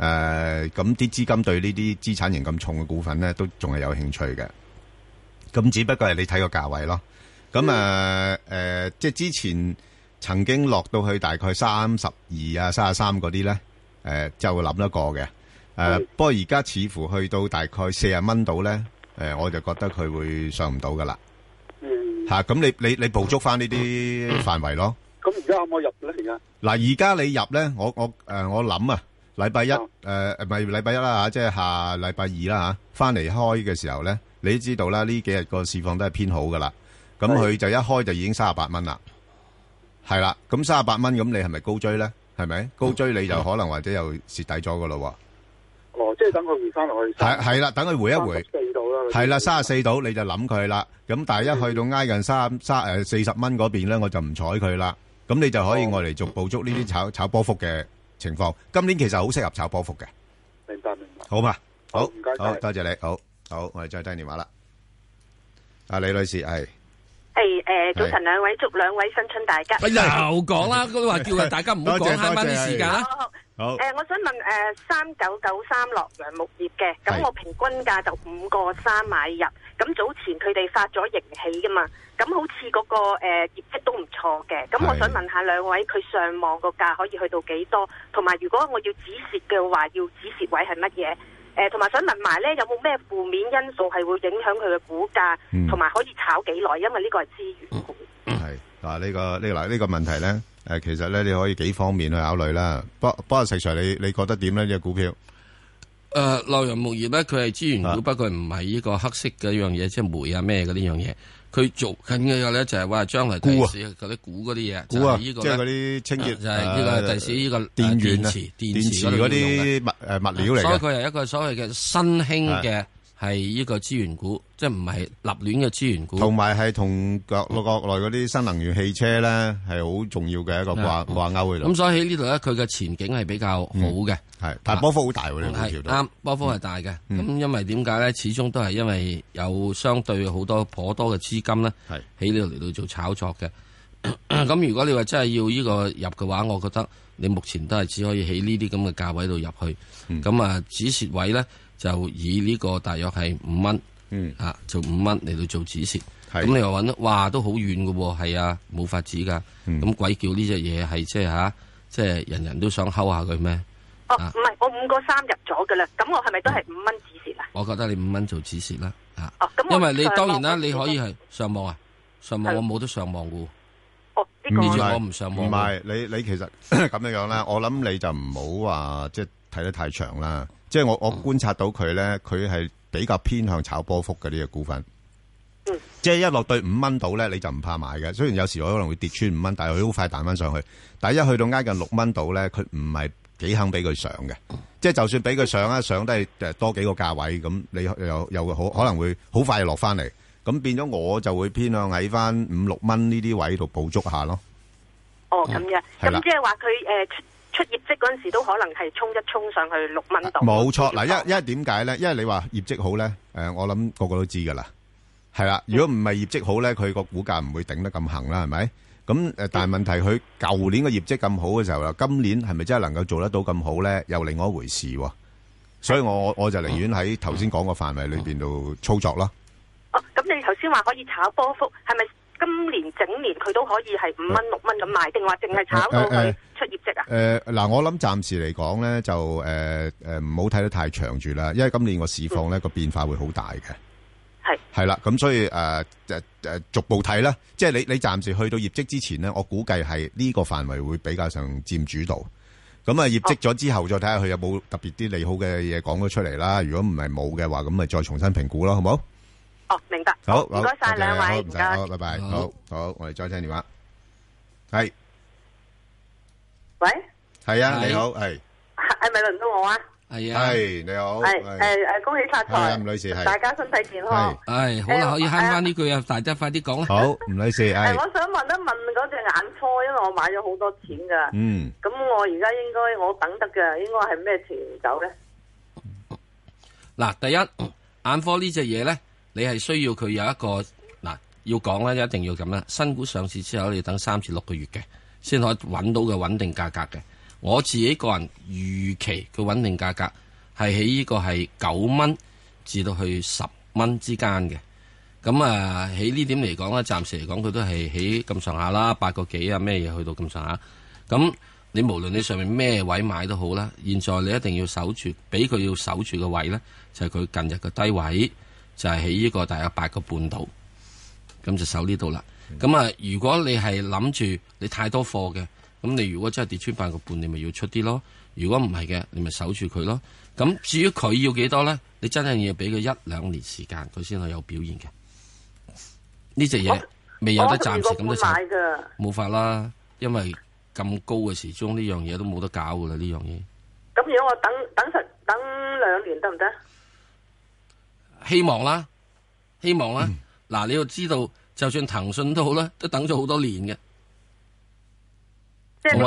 誒、呃，咁啲資金對呢啲資產型咁重嘅股份咧，都仲係有興趣嘅。咁只不過係你睇個價位咯。咁啊，誒、嗯呃呃，即係之前曾經落到去大概三十二啊、三十三嗰啲咧，誒、呃，就諗得過嘅。誒、呃嗯，不過而家似乎去到大概四十蚊度咧，誒、呃，我就覺得佢會上唔到噶啦。嗯。吓、啊，咁你你你捕捉翻呢啲範圍咯。咁而家可唔可以入咧？而家嗱，而家你入咧，我我誒，我諗啊。禮拜一誒，唔係禮拜一啦吓，即係下禮拜二啦吓，翻、啊、嚟開嘅時候咧，你都知道啦，呢幾日個市況都係偏好噶啦，咁佢就一開就已經三十八蚊啦，係啦，咁三十八蚊，咁你係咪高追咧？係咪？高追你就可能或者又蝕底咗噶咯？哦，即、就、係、是、等佢回翻落去，係係啦，等佢回一回四度啦，係啦，三十四度你就諗佢啦。咁但係一去到挨近三、嗯、三誒四十蚊嗰邊咧，我就唔睬佢啦。咁你就可以我嚟逐步捉呢啲炒、嗯、炒波幅嘅。情況今年其實好適合炒波幅嘅。明白明白，好嘛，好，唔該，好多謝你，好，好，我哋再聽電話啦。阿李女士係，係誒，早晨兩位，祝兩位新春大吉。又講啦，都話叫大家唔好講慳翻啲時間嚇。誒、呃，我想問誒，三九九三洛陽鉬業嘅，咁我平均價就五個三買入，咁早前佢哋發咗盈喜噶嘛，咁好似嗰、那個誒、呃、業績都唔錯嘅，咁我想問下兩位，佢上望個價可以去到幾多？同埋如果我要止蝕嘅話，要止蝕位係乜嘢？誒、呃，同埋想問埋咧，有冇咩負面因素係會影響佢嘅股價？同、嗯、埋可以炒幾耐？因為呢個係資源。係嗱，呢、 *coughs* *coughs* 這個呢嗱呢個問題咧。誒，其實咧你可以幾方面去考慮啦。不，不過石 Sir 你你覺得點咧？隻股票？誒、呃，洛陽鉬業咧，佢係資源股，是不過唔係呢個黑色嘅樣嘢、啊啊就是，即係煤啊咩嗰啲樣嘢。佢做近嘅咧就係話將來第時嗰啲股嗰啲嘢，股啊，即係嗰啲清潔，即係呢個第時呢個電池電池嗰啲物誒物料嚟。所以佢係一個所謂嘅新興嘅。係一個資源股，即係唔係立亂嘅資源股，同埋係同國國內嗰啲新能源汽車咧，係好重要嘅一個掛掛鈎嘅。咁所以喺呢度咧，佢嘅前景係比較好嘅。係、嗯，但係波幅好大喎呢條。啱，波幅係大嘅。咁、嗯、因為點解咧？始終都係因為有相對好多頗多嘅資金咧，喺呢度嚟到做炒作嘅。咁 *coughs* 如果你話真係要呢個入嘅話，我覺得你目前都係只可以喺呢啲咁嘅價位度入去。咁、嗯、啊，止蝕位咧？就以呢個大約係五蚊，嗯啊，就做五蚊嚟到做止蝕，咁你又搵得哇，都好遠噶喎，係、嗯、啊，冇法子噶，咁鬼叫呢隻嘢係即係吓，即係人人都想敲下佢咩？哦，唔係，我五個三入咗噶啦，咁我係咪都係五蚊止蝕啊？我覺得你五蚊做止蝕啦，咁、啊哦嗯、因為你，你當然啦，你可以係上網啊，上網我冇得上網噶，哦、呢、這個唔係唔係，你你其實咁 *laughs* 樣樣啦，我諗你就唔好話即係睇得太長啦。即係我我觀察到佢咧，佢係比較偏向炒波幅嘅呢個股份。嗯，即係一落對五蚊到咧，你就唔怕買嘅。雖然有時我可能會跌穿五蚊，但係佢好快彈翻上去。但係一去到挨近六蚊到咧，佢唔係幾肯俾佢上嘅，嗯。即係就算俾佢上啊，上都係多幾個價位咁，你又又可可能會好快就落翻嚟。咁變咗我就會偏向喺翻五六蚊呢啲位度捕捉下咯。哦，咁樣，咁即係話佢誒。業績嗰陣時都可能係衝一衝上去六蚊度，冇錯嗱。因因為點解咧？因為你話業績好咧，誒，我諗個個都知噶啦，係啦。如果唔係業績好咧，佢個股價唔會頂得咁行啦，係咪？咁誒，但係問題佢舊年嘅業績咁好嘅時候啦，今年係咪真係能夠做得到咁好咧？又另外一回事喎。所以我我就寧願喺頭先講嘅範圍裏邊度操作咯。哦，咁你頭先話可以炒波幅，係咪今年整年佢都可以係五蚊六蚊咁賣，定話淨係炒到佢？出業績啊？誒、呃、嗱，我諗暫時嚟講咧，就誒誒唔好睇得太長住啦，因為今年個市況咧個、嗯、變化會好大嘅。係係啦，咁所以誒誒、呃呃、逐步睇啦。即係你你暫時去到業績之前咧，我估計係呢個範圍會比較上佔主導。咁啊業績咗之後，哦、再睇下佢有冇特別啲利好嘅嘢講咗出嚟啦。如果唔係冇嘅話，咁咪再重新評估咯，好冇？哦，明白。好，唔該晒，兩位，唔使好，好，拜拜。好好，好，我哋再聽電話。係。喂，係啊，你好，係、啊。係咪輪到我啊？係啊，係、啊啊、你好。係誒、啊啊、恭喜發財！吳、啊、女士係、啊，大家身體健康。係、啊啊啊，好啦，可以慳翻呢句啊，大家快啲講啦。好，吳女士係、啊。我想問一問嗰隻眼科，因為我買咗好多錢噶。嗯。咁我而家應該我等得嘅，應該係咩時走咧？嗱，第一眼科呢隻嘢咧，one, 你係需要佢有一個嗱，要講啦，一定要咁啦。新股上市之後，你要等三至六個月嘅。先可以揾到嘅穩定價格嘅，我自己個人預期佢穩定價格係喺呢個係九蚊至到去十蚊之間嘅。咁啊，喺、呃、呢點嚟講咧，暫時嚟講佢都係喺咁上下啦，八個幾啊咩嘢去到咁上下。咁你無論你上面咩位買都好啦，現在你一定要守住，俾佢要守住嘅位咧，就係、是、佢近日嘅低位，就係喺呢個大概八個半度，咁就守呢度啦。咁啊！如果你係諗住你太多貨嘅，咁你如果真係跌穿八個半，你咪要出啲咯。如果唔係嘅，你咪守住佢咯。咁至於佢要幾多咧？你真係要俾佢一兩年時間，佢先可以有表現嘅。呢隻嘢未有得暫時咁多錢，冇法啦！因為咁高嘅時鐘，呢樣嘢都冇得搞噶啦，呢樣嘢。咁如果我等等實等兩年得唔得？希望啦，希望啦。嗱、嗯，你要知道？就算騰訊都好啦，都等咗好多年嘅。即係你、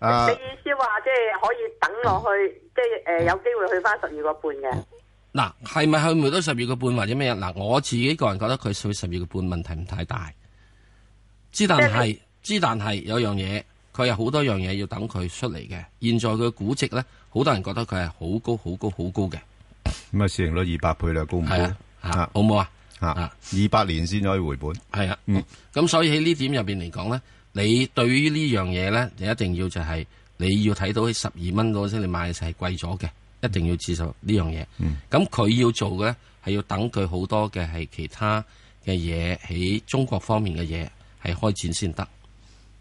uh, 你意思話，即係可以等落去，uh, 即係誒、呃、有機會去翻十二個半嘅。嗱、啊，係咪去唔去到十二個半或者咩嘢？嗱，我自己個人覺得佢去十二個半問題唔太大。之但係之、呃、但係有樣嘢，佢有好多樣嘢要等佢出嚟嘅。現在佢估值咧，好多人覺得佢係好高、好高、好高嘅。咁啊，市盈率二百倍啦，高唔高啊？好唔好啊？啊！二百年先可以回本，係啊，咁、嗯嗯、所以喺呢點入邊嚟講咧，你對於呢樣嘢咧，就一定要就係、是、你要睇到去十二蚊嗰陣時你買嘅，係貴咗嘅，一定要接受呢樣嘢。咁、嗯、佢要做嘅咧，係要等佢好多嘅係其他嘅嘢喺中國方面嘅嘢係開展先得。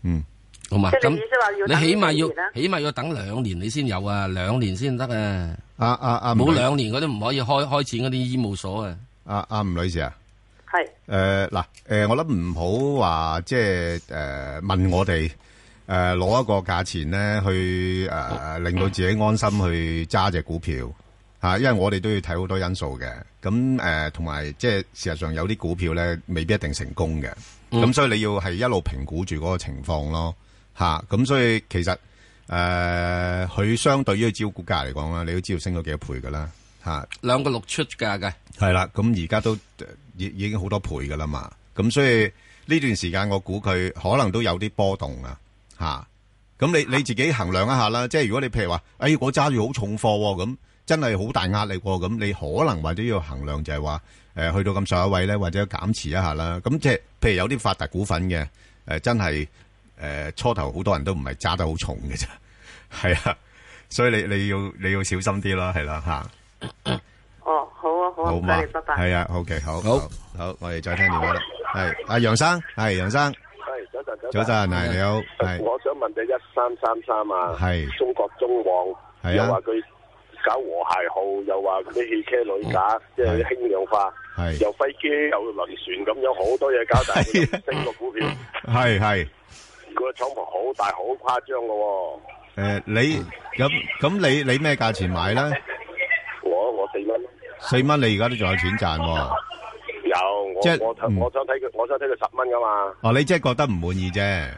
嗯，好嘛，咁你起碼要起碼要等兩年，兩年你先有啊，兩年先得啊。啊啊冇兩、啊、年，佢都唔可以開開展嗰啲醫務所啊。阿阿吳女士啊，係誒嗱誒，我諗唔好話即係誒問我哋誒攞一個價錢咧去誒、呃、令到自己安心去揸隻股票吓、啊，因為我哋都要睇好多因素嘅。咁誒同埋即係事實上有啲股票咧未必一定成功嘅。咁、嗯、所以你要係一路評估住嗰個情況咯吓。咁、啊、所以其實誒佢、呃、相對於招股價嚟講啦，你都知道要升咗幾多倍噶啦。吓、啊，兩個六出價嘅係啦，咁而家都已已經好多倍噶啦嘛，咁所以呢段時間我估佢可能都有啲波動啊，吓，咁你你自己衡量一下啦，即係如果你譬如話，哎，我揸住好重貨咁，真係好大壓力，咁你可能或者要衡量就係話，誒、呃，去到咁上一位咧，或者減持一下啦，咁、啊、即係譬如有啲發達股份嘅，誒、呃，真係誒、呃、初頭好多人都唔係揸得好重嘅啫，係啊，所以你你要你要小心啲啦，係啦，吓、啊。哦，好啊，好啊，多謝，拜拜。係啊，OK，好，好，好，我哋再聽電話。係阿楊生，係楊生，係早晨，早晨，係咪你好？係，我想問你一三三三啊，係中國忠旺，又話佢搞和諧號，又話啲汽車鋁架，即係輕量化，係，又飛機又輪船咁樣，好多嘢搞，但係升個股票，係係，個廠房好大，好誇張㗎喎。誒，你咁咁，你你咩價錢買咧？四蚊，你而家都仲有錢賺喎？有，我我我想睇佢，我想睇佢十蚊噶嘛？哦，你即係覺得唔滿意啫？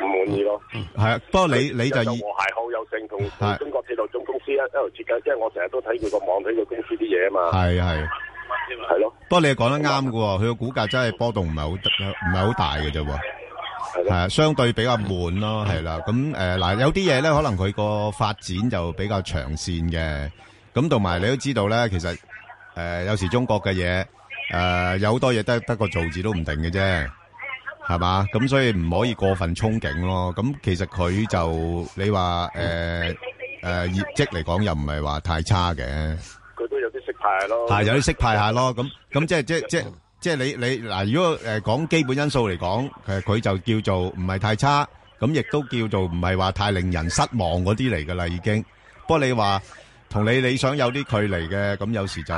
唔滿意咯，係啊。不過你你就和諧號有成同中國鐵道總公司一一路設計，即係我成日都睇佢個網睇佢公司啲嘢啊嘛。係啊係，係咯。不過你又講得啱嘅喎，佢個股價真係波動唔係好唔係好大嘅啫喎。係啊，相對比較悶咯，係啦。咁誒嗱，有啲嘢咧，可能佢個發展就比較長線嘅。咁同埋你都知道咧，其實。誒，有時中國嘅嘢，誒有好多嘢得得個做字都唔定嘅啫，係嘛？咁所以唔可以過分憧憬咯。咁其實佢就你話誒誒業績嚟講又唔係話太差嘅，佢都有啲息派咯，係有啲息派下咯。咁咁即係即係即係即係你你嗱，如果誒講基本因素嚟講，誒佢就叫做唔係太差，咁亦都叫做唔係話太令人失望嗰啲嚟㗎喇已經。不過你話。同你理想有啲距離嘅，咁有時就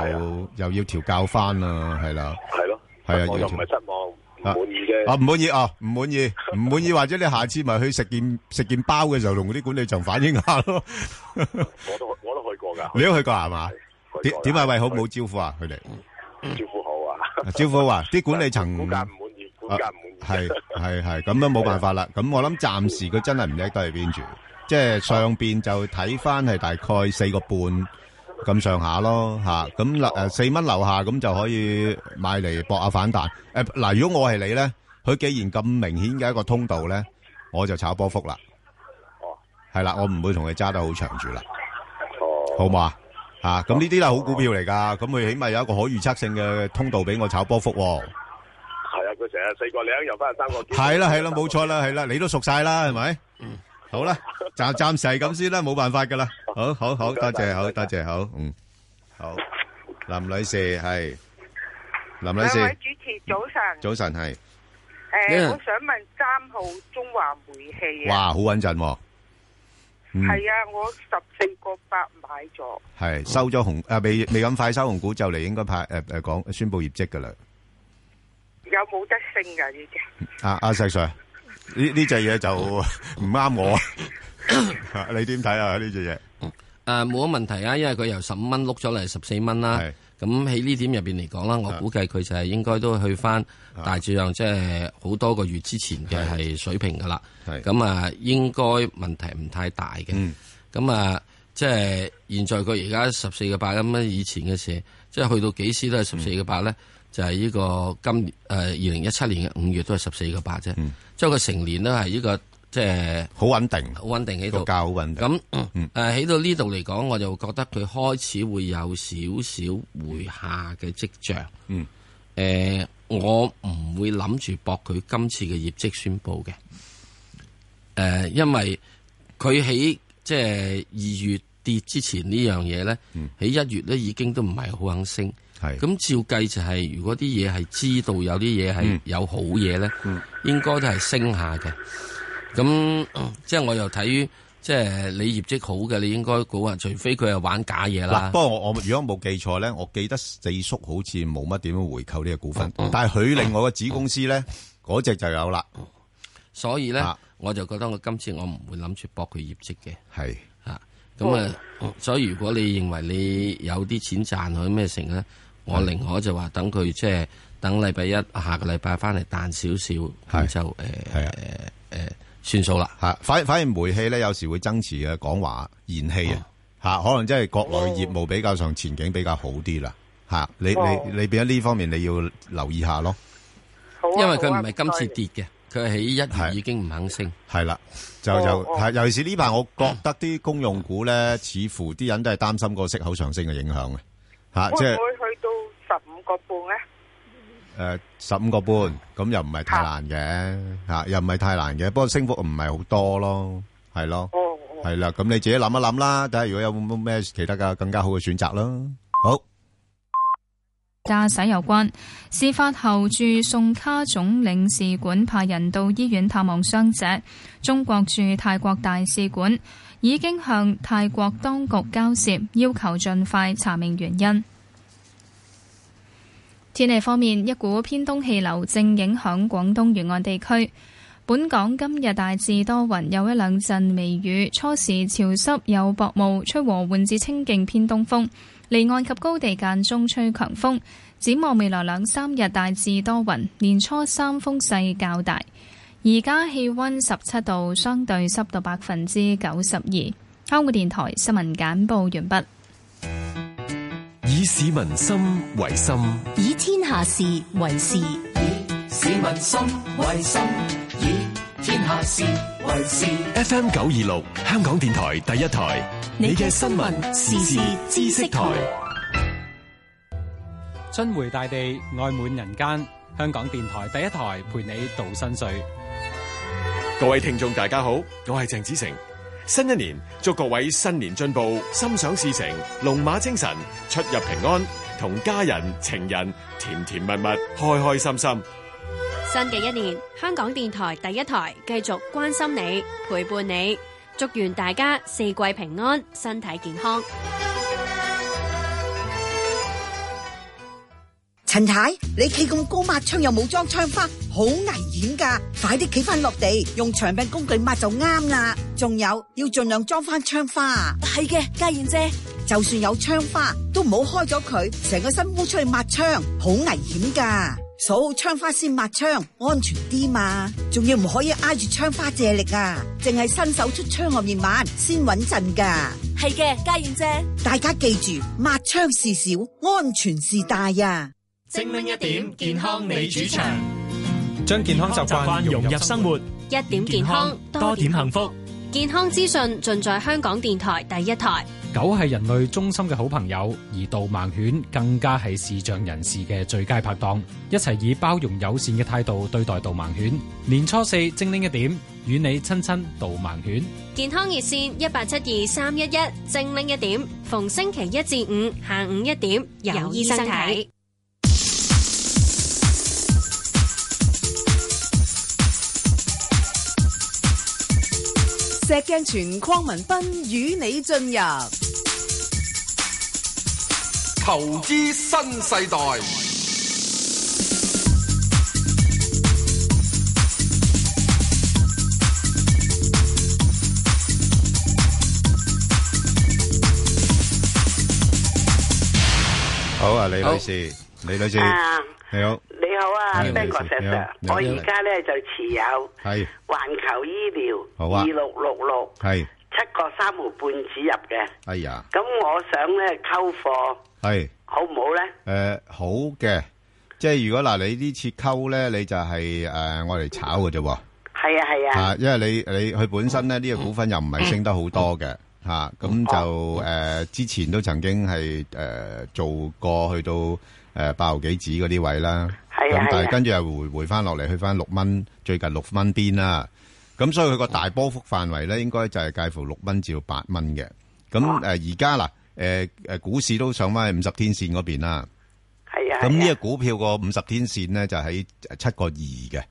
又要調教翻啦，係啦。係咯，係啊，我又唔係失望，唔滿意嘅。啊，唔滿意啊，唔滿意，唔滿意，或者你下次咪去食件食件包嘅時候，同嗰啲管理層反映下咯。我都我都去過㗎。你都去過係嘛？點點解？喂，好冇招呼啊？佢哋招呼好啊？招呼啊？啲管理層顧客唔滿意，顧客唔滿意係係係咁樣冇辦法啦。咁我諗暫時佢真係唔叻得喺邊處。即係上邊就睇翻係大概四個半咁上下咯吓，咁四蚊樓下咁就可以買嚟搏下反彈。誒，嗱，如果我係你咧，佢既然咁明顯嘅一個通道咧，我就炒波幅啦。哦，係啦，我唔會同佢揸得好長住啦。哦，好唔好啊？吓，咁呢啲係好股票嚟噶咁佢起碼有一個可預測性嘅通道俾我炒波幅。係啊，佢成日四個零又翻三個。係啦係啦，冇錯啦係啦，你都熟晒啦係咪？嗯。好啦，暫暫時係咁先啦，冇辦法噶啦。好，好，好多謝，好，多謝，好，嗯，好，林女士係，林女士。兩位主持早晨。早晨係。誒，我想問三號中華煤氣啊。哇，好穩陣。係啊，我十四個八買咗。係收咗紅誒，未未咁快收紅股就嚟，應該派誒誒講宣佈業績噶啦。有冇得升噶呢隻？阿阿 Sir。呢呢隻嘢，就唔啱我。 *coughs* *laughs* 你點睇啊？呢隻嘢，誒冇乜問題啊，因為佢由十五蚊碌咗嚟十四蚊啦，咁喺呢點入邊嚟講啦，我估計佢就係應該都去翻，大致上，即係好多個月之前嘅係水平噶啦，咁啊應該問題唔太大嘅，咁啊、呃、即係現在佢而家十四個八咁樣，以前嘅事，即係去到幾時都係十四個八咧。就係、是，呢個今誒二零一七年嘅五月都係十四個八啫，即係佢成年都係呢、這個即係好穩定，好穩定喺度教好穩定。咁誒起到呢度嚟講，我就覺得佢開始會有少少回下嘅跡象。嗯，誒、呃，我唔會諗住博佢今次嘅業績宣布嘅。誒、呃，因為佢喺即係二月跌之前呢樣嘢咧，喺、嗯、一月咧已經都唔係好肯升。係咁照計就係、是，如果啲嘢係知道有啲嘢係有好嘢咧、嗯，應該都係升下嘅。咁、嗯嗯、即係我又睇，即係你業績好嘅，你應該估啊，除非佢係玩假嘢啦，啦。不過我我如果冇記錯咧， *laughs* 我記得四叔好似冇乜點樣回購呢個股份，嗯、但係佢另外個子公司咧，嗰、嗯、隻、那個、就有啦。所以咧、啊，我就覺得我今次我唔會諗住搏佢業績嘅。係啊，咁、嗯、啊，所以如果你認為你有啲錢賺，佢咩成啊？我寧可就話等佢即係等禮拜一下個禮拜翻嚟彈少少就誒誒誒算數啦吓。反反而煤氣咧有時會增持嘅，講話燃氣啊吓，可能即係國內業務比較上前景比較好啲啦吓。你、哦、你你，你變咗呢方面你要留意下咯，因為佢唔係今次跌嘅，佢喺一月已經唔肯升係啦。就就、哦、尤其是呢排，我覺得啲公用股咧，似乎啲人都係擔心個息口上升嘅影響嘅吓，即係。就是十五個半咧，誒，十五個半咁又唔係太難嘅吓，又唔係太難嘅。不過升幅唔係好多咯，係咯，係啦。咁你自己諗一諗啦，睇下如果有冇咩其他嘅更加好嘅選擇咯。好。駕駛有關，事發後，駐宋卡總領事館派人到醫院探望傷者。中國駐泰國大使館已經向泰國當局交涉，要求盡快查明原因。天氣方面，一股偏東氣流正影響廣東沿岸地區。本港今日大致多雲，有一兩陣微雨，初時潮濕有薄霧，吹和緩至清勁偏東風，離岸及高地間中吹強風。展望未來兩三日大致多雲，年初三風勢較大。而家氣溫十七度，相對濕度百分之九十二。香港電台新聞簡報完畢。以市民心為心，以天下事為事。以市民心為心，以天下事為事。F M 九二六，香港電台第一台，你嘅新聞、時事、知識台。春回大地，愛滿人間。香港電台第一台，陪你度新歲。各位聽眾，大家好，我係鄭子誠。新一年，祝各位新年進步，心想事成，龍馬精神，出入平安，同家人、情人甜甜蜜蜜，開開心心。新嘅一年，香港電台第一台繼續關心你，陪伴你，祝願大家四季平安，身體健康。陳太，太，你企咁高抹窗又冇裝窗花，好危險噶！快啲企翻落地，用長柄工具抹就啱啦。仲有要盡量裝翻窗花。係嘅，家燕姐，就算有窗花都唔好開咗佢，成個身烏出去抹窗，危險好危險噶。數窗花先抹窗，安全啲嘛。仲要唔可以挨住窗花借力啊，淨係伸手出窗外面抹先穩陣噶。係嘅，家燕姐，大家記住抹窗事小，安全事大啊！精靈一點，健康你主場，將健康習慣融入生活。一點健康，多點幸福。健康資訊盡在香港電台第一台。狗係人類忠心嘅好朋友，而導盲犬更加係視障人士嘅最佳拍檔。一齊以包容友善嘅態度對待導盲犬。年初四精靈一點，與你親親導盲犬。健康熱線一八七二三一一，精靈一點，逢星期一至五下午一點，由醫生睇。石鏡泉鄺民彬與你進入投資新世代。好啊，李女士。李女士，你好，你好啊，Ben 哥，石 sir，我而家咧就持有環球醫療，二六六六，係七個三毫半紙入嘅，係啊，咁我想咧溝貨係好唔好咧？誒，好嘅，即係如果嗱，你呢次溝咧，你就係誒我嚟炒嘅啫，係啊，係啊，啊，因為你你佢本身咧呢個股份又唔係升得好多嘅吓，咁就誒之前都曾經係誒做過去到。誒、呃，八毫幾紙嗰啲位啦，咁、啊、但係跟住又回、啊、回翻落嚟，去翻六蚊，最近六蚊邊啦，咁所以佢個大波幅範圍咧，應該就係介乎六蚊至到八蚊嘅。咁誒、啊，而家嗱，誒誒、呃，股市都上翻去五十天線嗰邊啦，係啊。咁呢個股票個五十天線咧，就喺七個二嘅。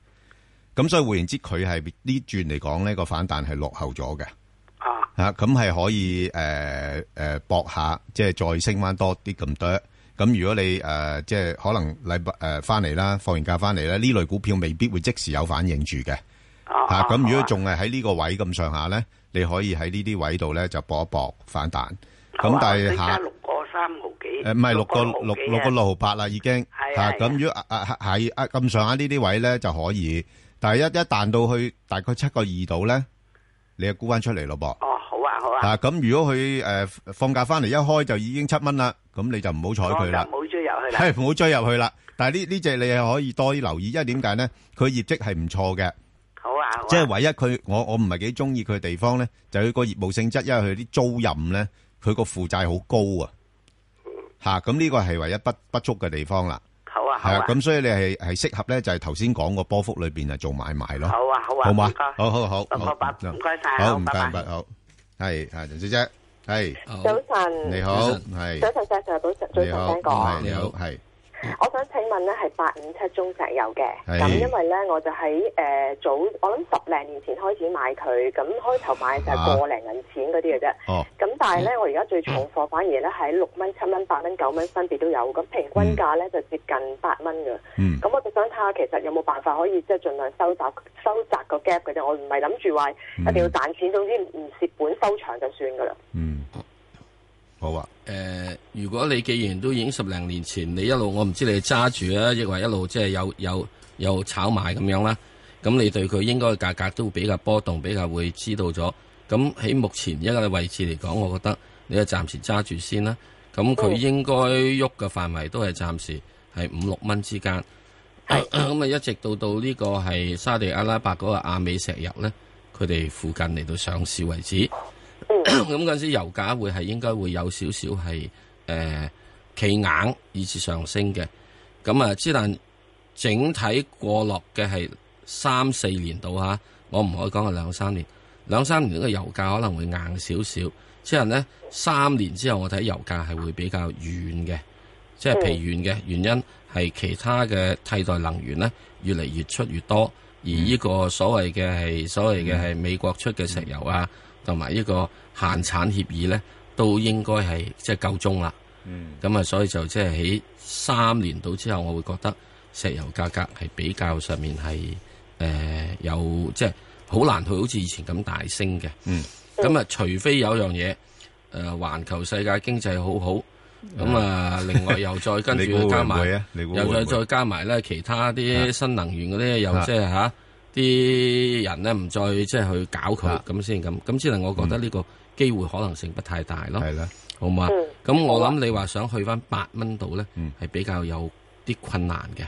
咁所以換言之講，佢係呢轉嚟講咧，個反彈係落後咗嘅。吓咁係可以誒誒、呃呃、搏下，即係再升翻多啲咁多。咁如果你誒即係可能禮拜翻嚟、呃、啦，放完假翻嚟咧，呢類股票未必會即時有反應住嘅嚇。咁如果仲係喺呢個位咁上下咧，你可以喺呢啲位度咧就搏一搏，反彈。咁但係下六個三毫幾，誒，唔係六個六六個六毫八啦，已經嚇咁、啊啊、如果喺咁上下呢啲位咧就可以，但係一一彈到去大概七個二度咧，你就沽翻出嚟咯噃。啊吓咁，如果佢誒放假翻嚟一開就已經七蚊啦，咁你就唔好睬佢啦。唔好追入去啦，係唔好追入去啦。但係呢呢隻你係可以多啲留意，因為點解咧？佢業績係唔錯嘅。好啊，即係唯一佢我我唔係幾中意佢嘅地方咧，就係佢個業務性質，因為佢啲租賃咧，佢個負債好高啊。吓咁呢個係唯一不不足嘅地方啦。好啊，係啊，咁所以你係係適合咧，就係頭先講個波幅裏邊啊，做買賣咯。好啊，好啊，好嘛，好好好，唔該晒，好唔該，拜拜。係啊，陳小姐，係早晨，你好，係早晨，早晨早晨，早晨，你好，你好，係。我想請問咧，係八五七中石油嘅，咁因為咧，我就喺誒、呃、早我諗十零年前開始買佢，咁開頭買就係過零銀錢嗰啲嘅啫，咁、啊、但係咧，我而家最重貨反而咧喺六蚊、七蚊、八蚊、九蚊，分別都有，咁平均價咧、嗯、就接近八蚊嘅，咁、嗯、我就想睇下其實有冇辦法可以即係盡量收集收集個 gap 嘅啫，我唔係諗住話一定要賺錢、嗯，總之唔蝕本收場就算噶啦。嗯好啊，誒、呃，如果你既然都已經十零年前，你一路我唔知你揸住啊，亦或一路即係有有有炒賣咁樣啦，咁你對佢應該嘅價格都比較波動，比較會知道咗。咁喺目前一個位置嚟講，我覺得你就暫時揸住先啦。咁佢應該喐嘅範圍都係暫時係五六蚊之間，咁啊、呃、一直到到呢個係沙地阿拉伯嗰個阿美石油呢，佢哋附近嚟到上市為止。咁嗰陣時油價會係應該會有少少係誒企硬以至上升嘅，咁啊，之但整體過落嘅係三四年度吓，我唔可以講係兩三年，兩三年呢個油價可能會硬少少，之後呢，三年之後我睇油價係會比較軟嘅，即係疲軟嘅原因係其他嘅替代能源呢越嚟越，出越多，而呢個所謂嘅係所謂嘅係美國出嘅石油啊。同埋呢個限產協議咧，都應該係即係夠鐘啦。嗯，咁啊，所以就即係喺三年度之後，我會覺得石油價格係比較上面係誒、呃、有即係好難去好似以前咁大升嘅。嗯，咁啊，除非有樣嘢誒，環球世界經濟好好，咁、嗯、啊，另外又再跟住 *laughs* 加埋，又再再加埋咧，其他啲新能源嗰啲又即、就、係、是嗯啊啊啲人咧唔再即係去搞佢咁先咁咁，只能我覺得呢個機會可能性不太大咯。係啦，好唔好啊？咁、嗯、我諗你話想去返八蚊度咧，係、嗯、比較有啲困難嘅。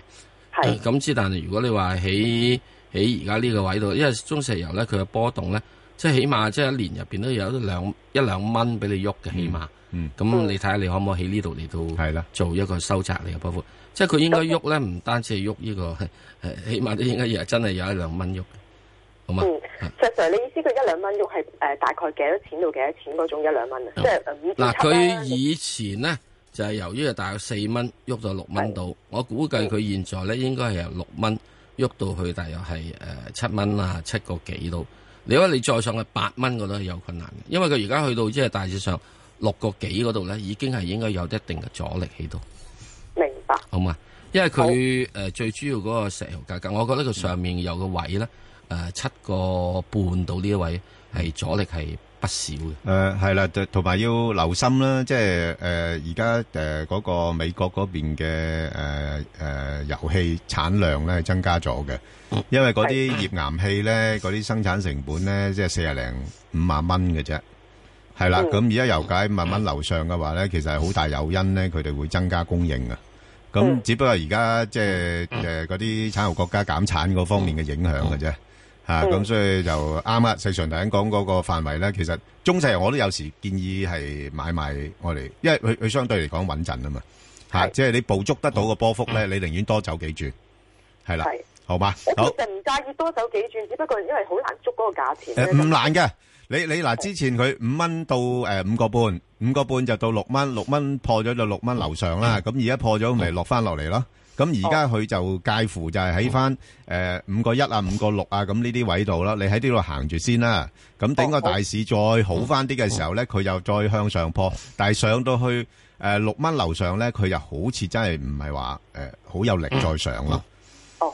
係咁之，但係如果你話喺喺而家呢個位度，因為中石油咧佢嘅波動咧，即係起碼即係一年入邊都有兩一兩蚊俾你喐嘅、嗯、起碼。嗯，咁你睇下你可唔可以喺呢度嚟到做一個收窄嚟，嘅包括。即係佢應該喐咧，唔單止係喐呢個，起碼都應該真係有一兩蚊喐，好嘛？嗯，Sir，Sir，你意思佢一兩蚊喐係誒，大概幾多錢到幾多錢嗰種一兩蚊啊？即係五至七。嗱，佢以前咧就係、是、由於係大約四蚊喐到六蚊度，我估計佢現在咧應該係由六蚊喐到去大約係誒七蚊啊七個幾度。如果你再上去八蚊，我都係有困難嘅，因為佢而家去到即係大致上六個幾嗰度咧，已經係應該有一定嘅阻力喺度。好嘛，因為佢、呃、最主要嗰個石油價格，我覺得佢上面有個位咧、呃，七個半到呢一位係阻力係不少嘅。係、呃、啦，同埋要留心啦，即係誒而家誒嗰個美國嗰邊嘅誒誒油氣產量咧增加咗嘅，因為嗰啲頁岩氣咧嗰啲生產成本咧即係四廿零五萬蚊嘅啫，係啦。咁而家油價慢慢流上嘅話咧，其實係好大誘因咧，佢哋會增加供應嘅。咁、嗯、只不過而家即係誒嗰啲產油國家減產嗰方面嘅影響嘅啫，吓、嗯、咁、嗯嗯啊、所以就啱啱世常頭先講嗰個範圍咧，其實中石油我都有時建議係買埋我哋，因為佢佢相對嚟講穩陣啊嘛，吓即係你捕捉得到個波幅咧、嗯，你寧願多走幾轉，係啦，好嘛，好吧，就唔介意多走幾轉，只不過因為好難捉嗰個價錢，誒唔難嘅。你你嗱，之前佢五蚊到誒五個半，五個半就到六蚊，六蚊破咗就六蚊樓上啦。咁而家破咗咪落翻落嚟咯。咁而家佢就介乎就係喺翻誒五個一啊、五個六啊咁呢啲位度啦。你喺呢度行住先啦。咁頂個大市再好翻啲嘅時候咧，佢又再向上破。但係上到去誒六蚊樓上咧，佢又好似真係唔係話誒好有力再上咯。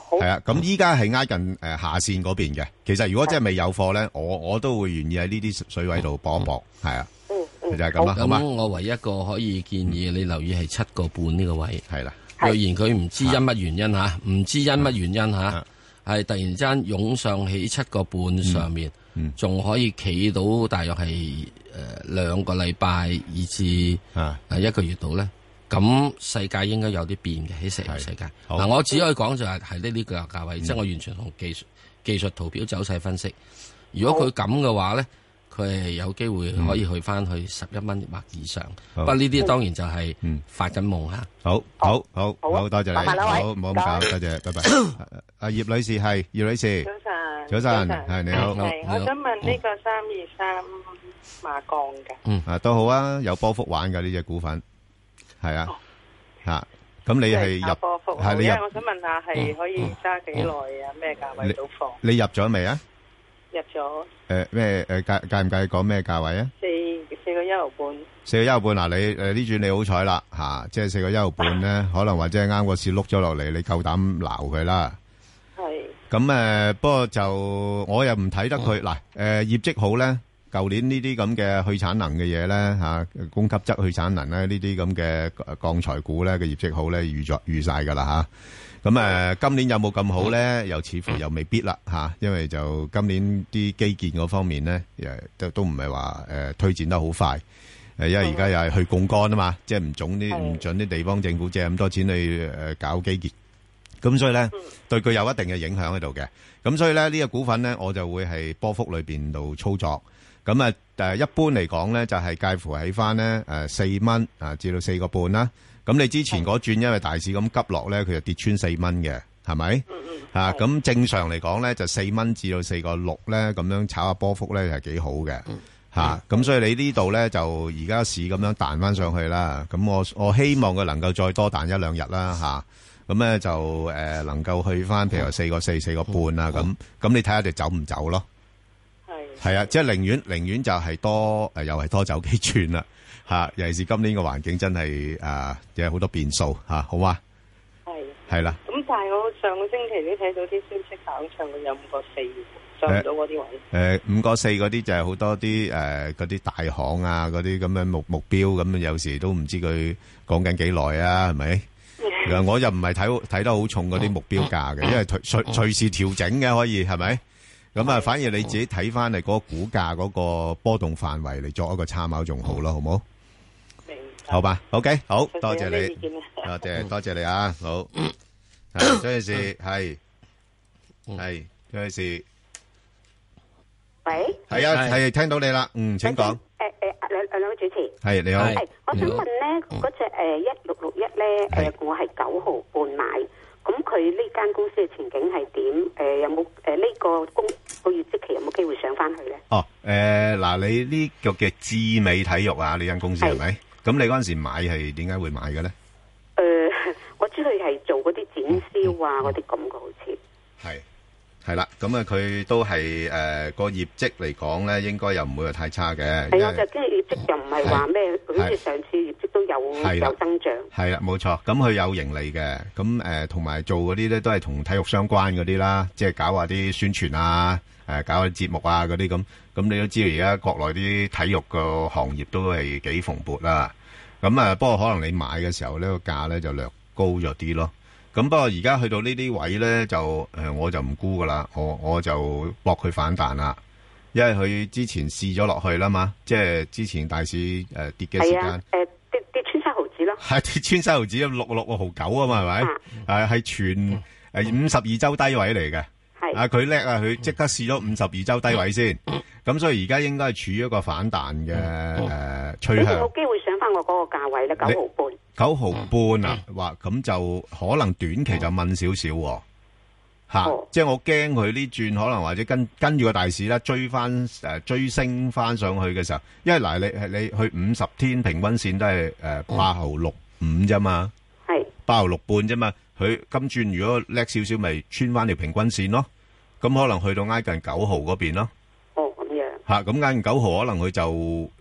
係啊，咁依家係挨近下線嗰邊嘅。其實如果真係未有貨咧，我我都會願意喺呢啲水位度搏一搏，係啊。嗯就係咁啦。咁我唯一一個可以建議你留意係七個半呢個位，係啦、啊。若然佢唔知因乜原因吓，唔、啊、知因乜原因吓，係、啊、突然之間湧上起七個半上面，仲、嗯嗯、可以企到大約係誒兩個禮拜以至啊一個月度咧。咁世界應該有啲變嘅喺石油世界嗱，我只可以講就係呢啲個價位。嗯、即係我完全同技術技術圖表走勢分析。如果佢咁嘅話咧，佢係有機會可以去翻去十一蚊或以上。不過呢啲當然就係發緊夢啦、啊嗯。好，好，好，好，多謝你，好，唔好咁搞，多謝，拜拜。阿葉女士係葉女士，早晨。早晨，係你好。我想問呢個三二三馬鋼嘅，嗯、啊都好啊，有波幅玩嘅呢隻股份。係啊，吓咁你係入係你入，因為我想問下係可以揸幾耐啊？咩價位到貨？你入咗未啊？入咗。誒咩？誒介介唔介意講咩價位啊？四四個一毫半。四個一毫半嗱，你誒呢轉你好彩啦吓，即係四個一毫半咧，可能或者係啱個市碌咗落嚟，你夠膽撈佢啦。係。咁誒，不過就我又唔睇得佢嗱，誒業績好咧。舊年呢啲咁嘅去產能嘅嘢咧，吓，供給側去產能咧，呢啲咁嘅鋼材股咧嘅業績好咧，預咗預晒噶啦吓。咁啊，今年有冇咁好咧？又似乎又未必啦吓，因為就今年啲基建嗰方面咧，都都唔係話誒推進得好快。誒，因為而家又係去槓桿啊嘛，即係唔準啲唔準啲地方政府借咁多錢去誒搞基建。咁所以咧，對佢有一定嘅影響喺度嘅。咁所以咧，呢個股份咧，我就會係波幅裏邊度操作。咁啊，誒，一般嚟講咧，就係介乎喺翻咧，誒，四蚊啊，至到四個半啦。咁你之前嗰轉，因為大市咁急落咧，佢就跌穿四蚊嘅，係咪？吓、嗯，咁、嗯、正常嚟講咧，就四蚊至到四個六咧，咁樣炒下波幅咧，係幾好嘅。吓、嗯，咁所以你呢度咧，就而家市咁樣彈翻上去啦。咁我我希望佢能夠再多彈一兩日啦，吓。咁咧就誒，能夠去翻，譬如四個四、四個半啦，咁咁你睇下就走唔走咯。係啊，即係寧願寧願就係多，誒又係多走幾寸啦吓，尤其是今年個環境真係誒，有好多變數吓，好嘛？係係啦，咁但係我上個星期都睇到啲消息，早上有五個四上唔到嗰啲位，誒五個四嗰啲就係好多啲誒嗰啲大行啊，嗰啲咁樣目目標咁啊，有時都唔知佢講緊幾耐啊，係咪？誒，我又唔係睇睇得好重嗰啲目標價嘅，因為隨隨隨時調整嘅可以，係咪？咁啊，反而你自己睇翻嚟嗰個股價嗰個波動範圍嚟作一個參考仲好咯，好唔好？明白，好吧。OK，好多謝你，多謝多謝你啊，好。張女士係係張女士，喂，係啊係聽到你啦，嗯，請講。誒誒，兩兩位主持，係你好，係。我想問咧，嗰隻誒一六六一咧，誒我係九毫半買，咁佢呢間公司嘅前景係點？誒有冇誒呢個公？個月即期有冇機會上翻去咧？哦，誒，嗱，你呢個嘅智美體育你那你那，呃、啊，呢間公司係咪？咁你嗰陣時買係點解會買嘅咧？誒，我知佢係做嗰啲展銷啊，嗰啲咁嘅好似。係啦，咁啊佢都係誒個業績嚟講咧，應該又唔會話太差嘅。係啊，即係業績又唔係話咩，好似上次業績都有有增長。係啦，冇錯，咁佢有盈利嘅，咁誒同埋做嗰啲咧都係同體育相關嗰啲啦，即係搞下啲宣傳啊，誒、啊、搞下啲節目啊嗰啲咁。咁你都知道而家國內啲體育個行業都係幾蓬勃啦。咁啊，不過可能你買嘅時候呢個價咧就略高咗啲咯。咁不過而家去到呢啲位咧，就我就唔沽噶啦，我我就搏佢反彈啦，因為佢之前試咗落去啦嘛，即係之前大市跌嘅時間。係、啊呃、跌跌，跌穿七毫子咯。係跌穿七毫子，六六個毫九是是啊嘛，係咪？係係全誒五十二周低位嚟嘅。係啊，佢叻啊，佢即刻試咗五十二周低位先，咁所以而家應該係處於一個反彈嘅誒趨向。冇、呃嗯嗯、機，機會上翻我嗰個價位啦，九毫半。九毫半啊，話咁就可能短期就問少少，吓，即係我驚佢呢轉可能或者跟跟住個大市咧追翻誒追升翻上去嘅時候，因為嗱你係你去五十天平均線都係誒八毫六五啫嘛，係八毫六半啫嘛，佢今轉如果叻少少，咪穿翻條平均線咯，咁可能去到挨近九毫嗰邊咯，哦咁樣，吓咁挨近九毫可能佢就，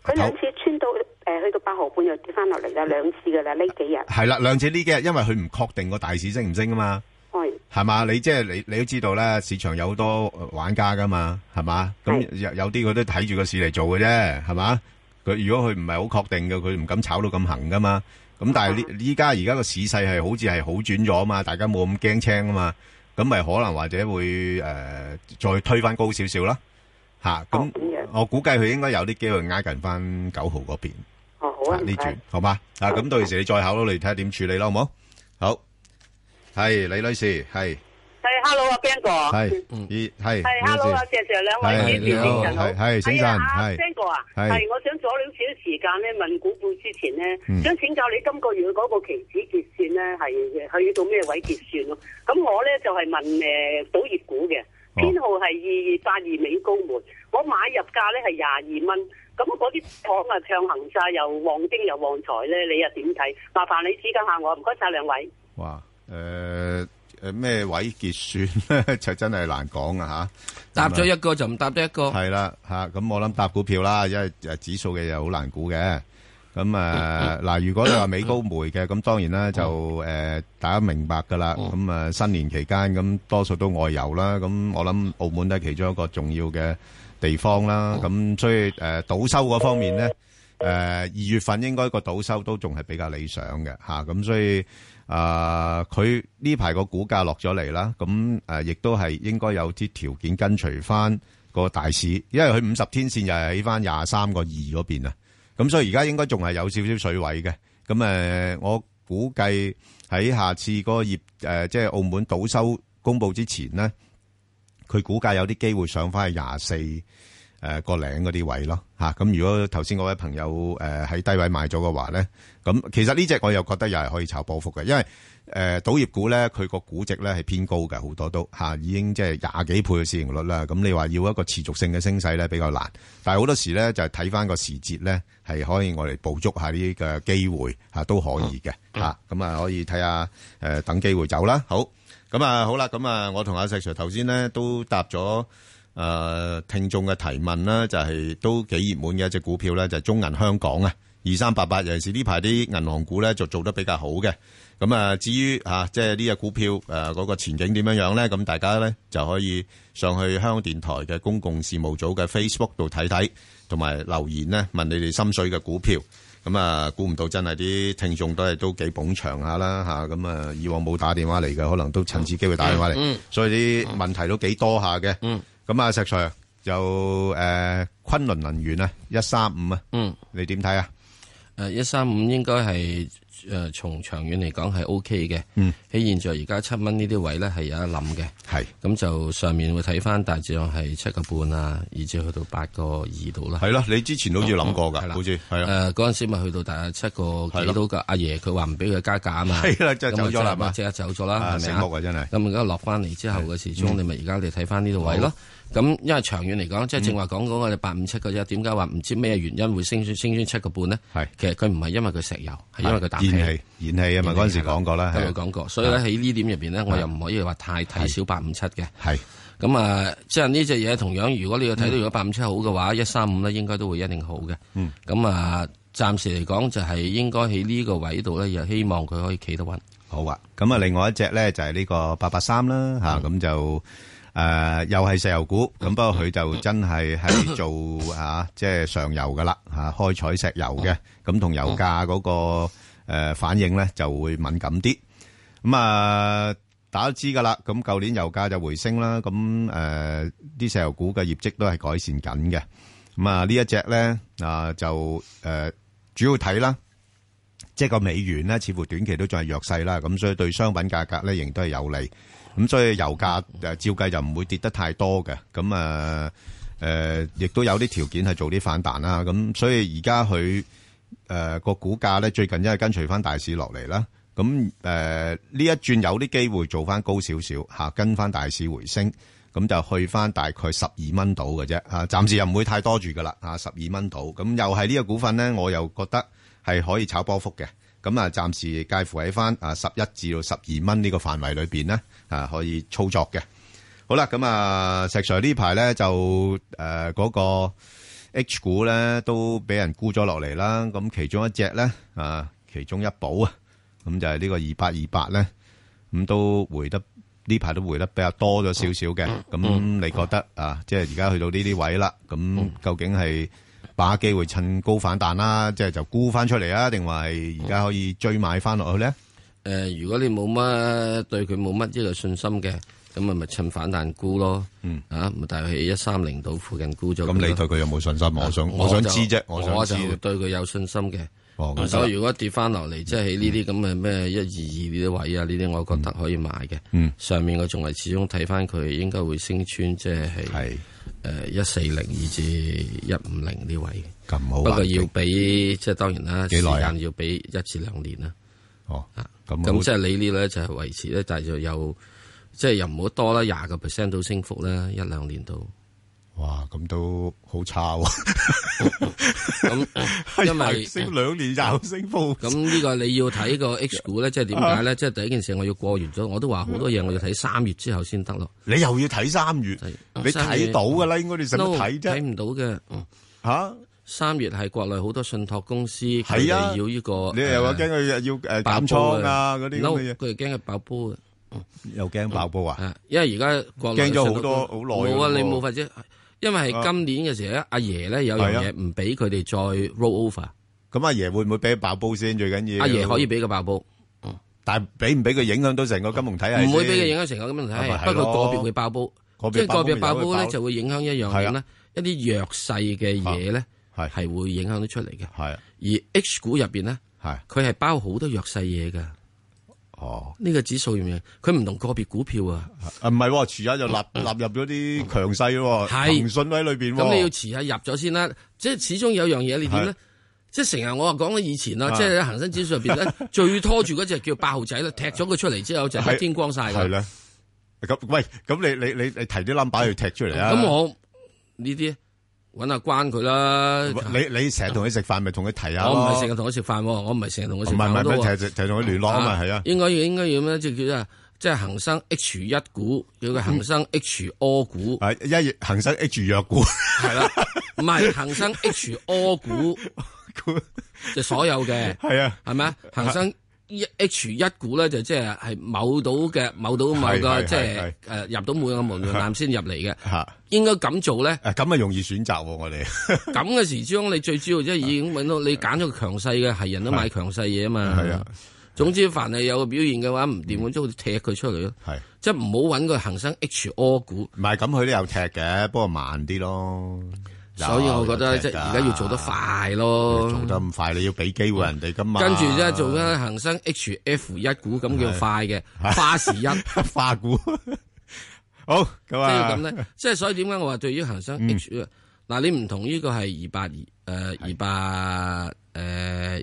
佢兩次穿到。誒，去到八號半又跌翻落嚟啦，兩次噶啦，呢幾日。係啦，兩次呢幾日，因為佢唔確定個大市升唔升啊嘛。係。係嘛？你即係你，你都知道呢市場有好多玩家噶嘛，係嘛？咁有有啲佢都睇住個市嚟做嘅啫，係嘛？佢如果佢唔係好確定嘅，佢唔敢炒到咁行噶嘛。咁但係依家而家個市勢係好似係好轉咗啊嘛，大家冇咁驚青啊嘛。咁咪可能或者會誒、呃、再推翻高少少啦。吓、咁、哦、我估計佢應該有啲機會挨近翻九號嗰邊。啊，呢住好嘛？啊，咁到時你再考慮睇下點處理啦，好冇？好，係李女士，係係，Hello 啊，Ben 哥，係，二，係，係，Hello 啊，謝謝兩位主持人，係，係，主持人，係，Ben 哥啊，係，我想阻咗少少時間咧，問股股之前咧，想請教你今個月嗰個期指結算咧係去到咩位結算咯？咁我咧就係問誒，賭業股嘅編號係二二八二美高梅，我買入價咧係廿二蚊。咁嗰啲行啊暢行曬，又旺丁又旺財咧，你又點睇？麻煩你指教下我，我唔該曬兩位。哇！誒、呃、咩位結算咧？ *laughs* 就真係難講啊，嚇，搭咗一個就唔搭得一個。係啦，嚇，咁我諗搭股票啦，因為誒指數嘅嘢好難估嘅。咁誒嗱，如果你話美高梅嘅，咁 *coughs* 當然啦，就誒、呃、大家明白噶啦。咁、嗯、啊、嗯，新年期間咁多數都外遊啦。咁、啊嗯、我諗澳門都係其中一個重要嘅。地方啦，咁所以誒賭、呃、收嗰方面咧，誒、呃，二月份應該個賭收都仲係比較理想嘅吓，咁、啊、所以誒，佢呢排個股價落咗嚟啦，咁誒，亦、呃、都係應該有啲條件跟隨翻個大市，因為佢五十天線又係喺翻廿三個二嗰邊啊，咁所以而家應該仲係有少少水位嘅，咁誒、呃，我估計喺下次個業誒即係澳門賭收公布之前咧。佢估計有啲機會上翻去廿四，誒個零嗰啲位咯。咁如果頭先嗰位朋友誒喺低位買咗嘅話咧，咁其實呢隻我又覺得又係可以炒波幅嘅，因為誒賭業股咧，佢個估值咧係偏高嘅，好多都吓已經即係廿幾倍嘅市盈率啦。咁你話要一個持續性嘅升勢咧，比較難，但係好多時咧就係睇翻個時節咧，係可以我哋捕捉下呢個機會都可以嘅，咁、嗯、啊可以睇下誒等機會走啦。好。咁啊，好啦，咁啊，我同阿石 Sir 頭先咧都答咗誒、呃、聽眾嘅提問啦、啊，就係、是、都幾熱門嘅一隻股票咧，就係、是、中銀香港啊，二三八八，尤其是呢排啲銀行股咧就做得比較好嘅。咁啊，至於啊，即係呢隻股票誒嗰、呃那個前景點樣樣咧，咁大家咧就可以上去香港電台嘅公共事務組嘅 Facebook 度睇睇，同埋留言咧問你哋心水嘅股票。咁啊，估唔到真係啲聽眾都係都幾捧場下啦嚇，咁啊以往冇打電話嚟嘅，可能都趁此機會打電話嚟、嗯，所以啲問題都幾多下嘅。咁、嗯、啊，石 Sir，有誒，昆侖能源啊，一三五啊，你點睇啊？誒、呃，一三五應該係。誒、呃，從長遠嚟講係 O K 嘅，喺、嗯、現在而家七蚊呢啲位咧係有得諗嘅，係咁就上面會睇翻大致上係七個半啊，以至去到八個二度啦，係咯，你之前好似諗過噶、嗯啊，好似係啊，誒嗰陣時咪去到大約七個幾度噶，阿爺佢話唔俾佢加價啊，係、啊啊、走咗啦，即刻走咗啦，係咪、醒目啊、真係，咁而家落翻嚟之後嘅時鐘、嗯，你咪而家你睇翻呢度位咯。咁因為長遠嚟講，即係正話講講我哋八五七嗰隻，點解話唔知咩原因會升穿升七個半呢？係，其實佢唔係因為佢石油，係因為佢打氣，燃氣啊嘛，嗰陣時講過啦，都講過,對過。所以呢，喺呢點入邊呢，我又唔可以話太睇小八五七嘅。係，咁啊、嗯，即係呢隻嘢同樣，如果你睇到如果八五七好嘅話，一三五咧應該都會一定好嘅。咁、嗯、啊，暫時嚟講就係應該喺呢個位度呢，又希望佢可以企得穩。好啊，咁啊，另外一隻呢，就係、是、呢個八八三啦，吓、嗯、咁、啊、就。誒，又係石油股，咁不過佢就真係喺做吓，即係上游噶啦吓，開採石油嘅，咁同油價嗰個誒反應咧就會敏感啲。咁啊，大家都知噶啦，咁舊年油價就回升啦，咁誒，啲石油股嘅業績都係改善緊嘅。咁啊，呢一隻咧啊，就誒主要睇啦，即係個美元咧，似乎短期都仲係弱勢啦，咁所以對商品價格咧，仍都係有利。咁所以油價照計就唔會跌得太多嘅，咁啊，亦都有啲條件係做啲反彈啦。咁所以而家佢誒個股價咧，最近因為跟隨翻大市落嚟啦，咁誒呢一轉有啲機會做翻高少少嚇，跟翻大市回升，咁就去翻大概十二蚊到嘅啫。暫時又唔會太多住噶啦。啊，十二蚊到，咁又係呢個股份咧，我又覺得係可以炒波幅嘅。咁啊，暫時介乎喺翻啊十一至到十二蚊呢個範圍裏面咧，啊可以操作嘅。好啦，咁啊石 sir 呢排咧就誒嗰、呃那個 H 股咧都俾人沽咗落嚟啦。咁其中一隻咧啊，其中一寶啊，咁就係呢個二八二八咧，咁都回得呢排都回得比較多咗少少嘅。咁你覺得啊，即係而家去到呢啲位啦，咁究竟係？把機會趁高反彈啦，即係就沽翻出嚟啊，定話係而家可以追買翻落去咧？誒、呃，如果你冇乜對佢冇乜呢個信心嘅，咁啊咪趁反彈沽咯。嗯，啊，咪但係喺一三零度附近沽咗。咁、嗯、你對佢有冇信心？我想，我想知啫。我想，知我想知，我就對佢有信心嘅。哦、嗯，所以如果跌翻落嚟，即係喺呢啲咁嘅咩一二二呢啲位啊，呢、嗯、啲我覺得可以買嘅。嗯，上面我仲係始終睇翻佢應該會升穿，即係係。誒、呃，一四零二至一五零呢位，咁好不過要俾，即係當然啦，時間要俾一至兩年啦。哦，咁咁即係你呢？咧就係、是、維持咧，但係就有即係又即係又唔好多啦，廿個 percent 到升幅啦，一兩年到。哇，咁都好差喎、哦！咁、嗯、因為、呃、升兩年、呃，就升波。咁、呃、呢、呃呃呃呃呃這個你要睇個 H 股咧、呃，即係點解咧？即、呃、係、就是、第一件事，我要過完咗，我都話好多嘢，我要睇三月之後先得咯。你又要睇三月，呃呃、你睇到噶啦，應該你成日都睇啫，睇唔到嘅。嗯、吓、啊、三月係國內好多信託公司係要呢、這個、啊呃，你又話驚佢要誒減倉啊嗰啲咁嘅嘢，佢驚佢爆煲，又驚爆煲啊！因為而家國驚咗好多好耐。冇啊，你冇法者。No, 因為係今年嘅時候咧，阿爺咧有樣嘢唔俾佢哋再 roll over、啊。咁阿爺會唔會俾佢爆煲先？最緊要阿爺、啊、可以俾佢爆煲，嗯、但係俾唔俾佢影響到成個金融體係？唔會俾佢影響成個金融體係,、啊、不,金融體係不過個別會爆煲。即係個別爆煲咧，個別爆煲就會影響一樣嘢咧、啊，一啲弱勢嘅嘢咧，係係、啊啊、會影響得出嚟嘅。係、啊。而 H 股入邊咧，係佢係包好多弱勢嘢噶。哦，呢個指數樣嘢，佢唔同個別股票啊，唔係、啊，遲下、啊、就納納入咗啲強勢咯、啊，騰訊喺裏邊、啊，咁、嗯、你要遲下入咗先啦、啊，即係始終有樣嘢你點咧，啊、即係成日我話講咗以前啊，啊即係恆生指數入邊咧最拖住嗰隻叫八號仔啦， *coughs* 踢咗佢出嚟之後就係天光晒。係啦、啊，咁、啊、喂，咁你你你你提啲 number 去踢出嚟啊？咁 *coughs* 我呢啲。搵下關佢啦，你你成日同佢食飯，咪同佢提下咯。我唔係成日同佢食飯，我唔係成日同佢食飯。唔係唔係，成日同佢聯絡啊嘛，係啊。啊應該要應該要咩？就叫啊，即係恒生 H 一股，叫佢恒生 HO 股。係一恒生 H 弱股。係啦、嗯，唔係恒生 HO 股，就所有嘅。係 *laughs* 啊，係咪啊？恒生。H 一股咧，就即係係某到嘅，某到某個即係誒入到每個門檻先入嚟嘅， *laughs* 應該咁做咧。誒咁啊就容易選擇、啊、我哋 *laughs* 。咁嘅時鐘你最主要即係已經揾到你揀咗個強勢嘅，係人都買強勢嘢啊嘛。係啊，啊，啊，總之凡係有個表現嘅話唔掂，我佢、嗯、踢佢出嚟咯。係即係唔好揾個恒生 HO 股。唔係咁，佢都有踢嘅，不過慢啲咯。所以我覺得即係而家要做得快咯，做得咁快，你要俾機會人哋咁嘛？跟住即係做翻恒生， *laughs* 化股 *laughs* 生 H F 一股咁叫快嘅，化時一化股好咁啊？即係咁咧，即係所以點解我話對於恒生 H 嗱，你唔同呢個係二百二誒，二百誒二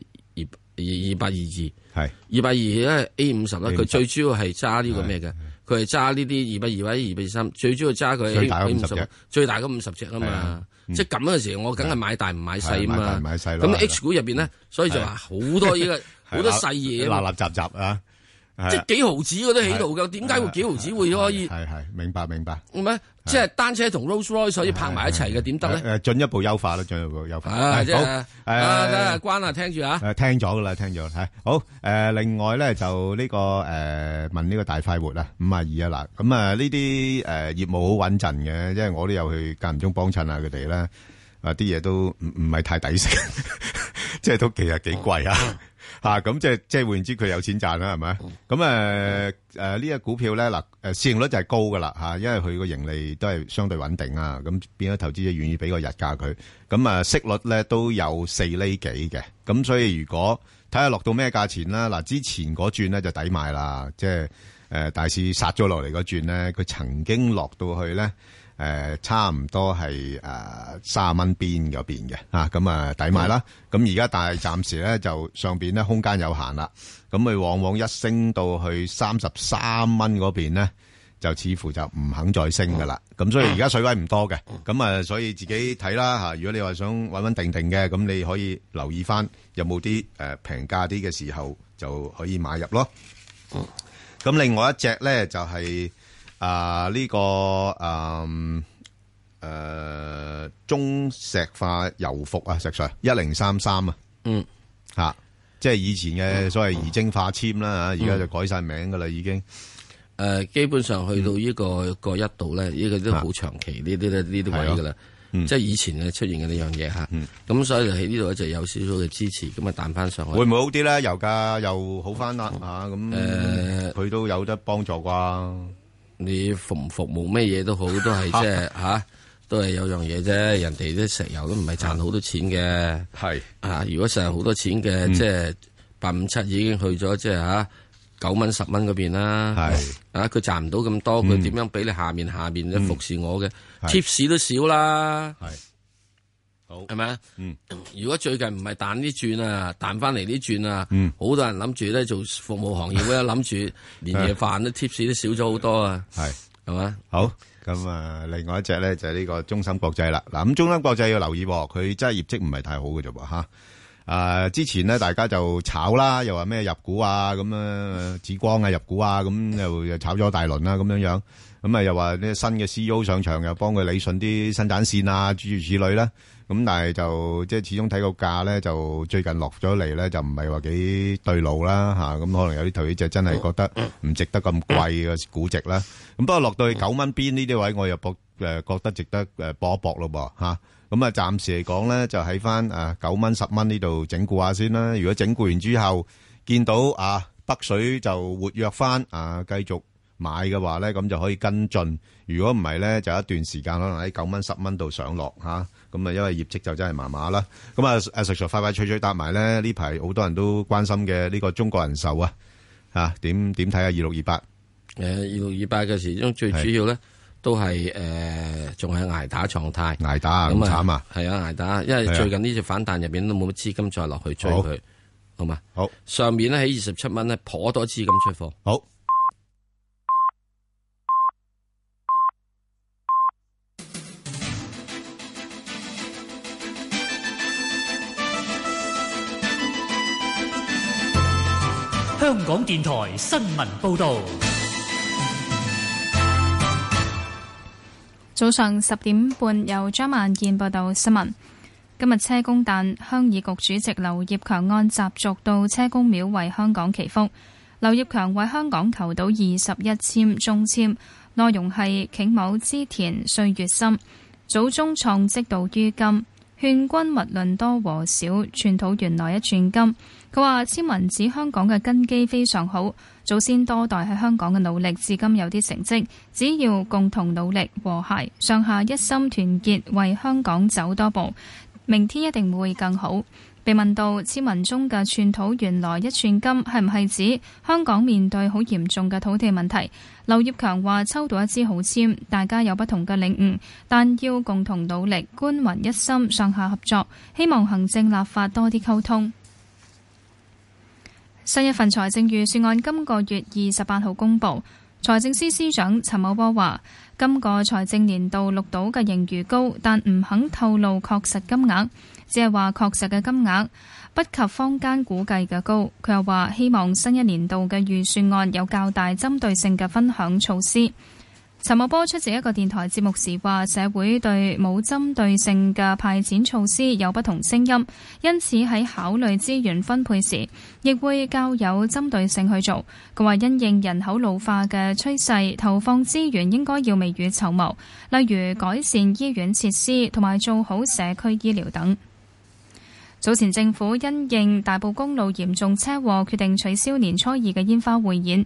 二二百二二係二百二咧 A 五十咧，佢最主要係揸呢個咩嘅？佢係揸呢啲二百二或者二百三，最主要揸佢最五十最大嗰五十隻啊嘛。嗯、即咁嘅時候，我梗係買大唔買細啊嘛。買細。咁 H 股入邊咧，所以就話好多依、這個，好多細嘢，垃垃雜雜啊。即係幾毫子嗰都喺度噶，點解會幾毫子會可以？係係，明白明白。唔係即係單車同 Rolls Royce 要拍埋一齊嘅，點得咧？誒，進一步優化啦，進一步優化。好，誒、啊嗯、關啊，聽住啊。誒，聽咗噶啦，聽咗。係好，誒、呃，另外咧就呢、這個誒、呃、問呢個大快活52啦，五啊二啊嗱，咁啊呢啲誒業務好穩陣嘅，因為我都有去間唔中幫襯下佢哋啦，啊啲嘢都唔唔係太抵食，即係都其實幾貴啊。嗯吓、啊、咁即係即係換言之佢有錢賺啦係咪？咁誒誒呢隻股票咧嗱誒市盈率就係高噶啦吓，因為佢個盈利都係相對穩定啦咁、啊、變咗投資者願意俾個日價佢。咁啊息率咧都有四厘幾嘅，咁、啊、所以如果睇下落到咩價錢啦，嗱、啊、之前嗰轉咧就抵買啦，即係誒、呃、大市殺咗落嚟嗰轉咧，佢曾經落到去咧。誒、呃，差唔多係誒卅蚊邊嗰邊嘅，啊，咁啊抵買啦。咁而家但係暫時咧就上面咧空間有限啦。咁佢往往一升到去三十三蚊嗰邊咧，就似乎就唔肯再升噶啦。咁、嗯、所以而家水位唔多嘅，咁、嗯、啊所以自己睇啦吓。如果你話想穩穩定定嘅，咁你可以留意翻有冇啲誒平價啲嘅時候就可以買入咯。咁、嗯、另外一隻咧就係、是。啊！呢、這個誒誒、嗯啊，中石化油服啊，石水一零三三啊，嗯吓，即係以前嘅所謂儀徵化纖啦，而家就改晒名噶啦、嗯，已經誒、呃，基本上去到呢、這個一度咧，呢、嗯這個都好長期呢啲咧，呢、啊、啲位噶啦、啊嗯，即係以前出現嘅呢樣嘢吓，咁、嗯、所以喺呢度一就有少少嘅支持，咁啊彈翻上去會唔會好啲咧？油價又好翻啦吓，咁佢、啊呃、都有得幫助啩。你服唔服務咩嘢都好，都係即係嚇，都係有樣嘢啫。人哋啲石油都唔係賺好多錢嘅，係啊、啊。如果實係好多錢嘅，嗯，即係八五七已經去咗即係嚇九蚊十蚊嗰邊啦。係啊，佢、啊、賺唔到咁多，佢點樣俾你下面，嗯、下面嘅服侍我嘅 tips，嗯、都少啦。係咪啊？如果最近唔係彈啲轉啊，彈翻嚟啲轉啊，好、嗯、多人諗住咧做服務行業咧，諗住年夜飯都 tips 都少咗好多啊，係係嘛？好，咁啊，另外一隻咧就係、是、呢個中芯國際啦。嗱，咁中芯國際要留意，佢真係業績唔係太好㗎啫喎。吓。啊，之前咧大家就炒啦，又話咩入股啊，咁啊紫光啊入股啊，咁又又炒咗大輪啦、啊，咁樣樣。咁啊，又話呢新嘅 CEO 上場又幫佢理順啲生產線啊，諸如此類啦。咁但係就即係始終睇個價咧，就最近落咗嚟咧，就唔係話幾對路啦嚇。咁可能有啲投資就真係覺得唔值得咁貴嘅估值啦。咁 *coughs* 不過落到去九蚊邊呢啲位，我又博誒覺得值得誒搏一搏咯噃嚇。咁啊，暫時嚟講咧，就喺翻啊九蚊十蚊呢度整固下先啦。如果整固完之後見到啊北水就活躍翻啊，繼續。買嘅話咧，咁就可以跟進。如果唔係咧，就一段時間可能喺九蚊、十蚊度上落吓。咁啊，因為業績就真係麻麻啦。咁啊，石 Sir 快快脆脆答埋咧，呢排好多人都關心嘅呢個中國人壽啊，吓，點點睇啊？二六二八，誒，二六二八嘅時中最主要咧都係誒仲係挨打狀態，挨打咁慘啊！係啊，挨打，因為最近呢隻反彈入邊都冇乜資金再落去追佢，好嘛？好，上面咧喺二十七蚊咧，頗多支咁出貨，好。香港電台新聞報道，早上十點半由張萬健報道新聞。今日車公誕，鄉議局主席劉業強按習俗到車公廟為香港祈福。劉業強為香港求到二十一簽中簽，內容係：頃畝之田歲月深，祖宗創積到於今。勸君勿論多和少，寸土原來一寸金。佢話，簽文指香港嘅根基非常好，祖先多代喺香港嘅努力，至今有啲成績。只要共同努力，和諧上下一心團結，為香港走多步，明天一定會更好。被問到簽文中嘅寸土原來一寸金係唔係指香港面對好嚴重嘅土地問題，劉業強話：抽到一支好簽，大家有不同嘅領悟，但要共同努力，官民一心，上下合作，希望行政立法多啲溝通。新一份財政預算案今個月二十八號公布，財政司司長陳茂波話：今個財政年度錄到嘅盈餘高，但唔肯透露確實金額，只係話確實嘅金額不及坊間估計嘅高。佢又話希望新一年度嘅預算案有較大針對性嘅分享措施。陳茂波出席一個電台節目時話，社會對冇針對性嘅派錢措施有不同聲音，因此喺考慮資源分配時，亦會較有針對性去做。佢話因應人口老化嘅趨勢，投放資源應該要未雨綢繆，例如改善醫院設施同埋做好社區醫療等。早前政府因應大埔公路嚴重車禍，決定取消年初二嘅煙花匯演。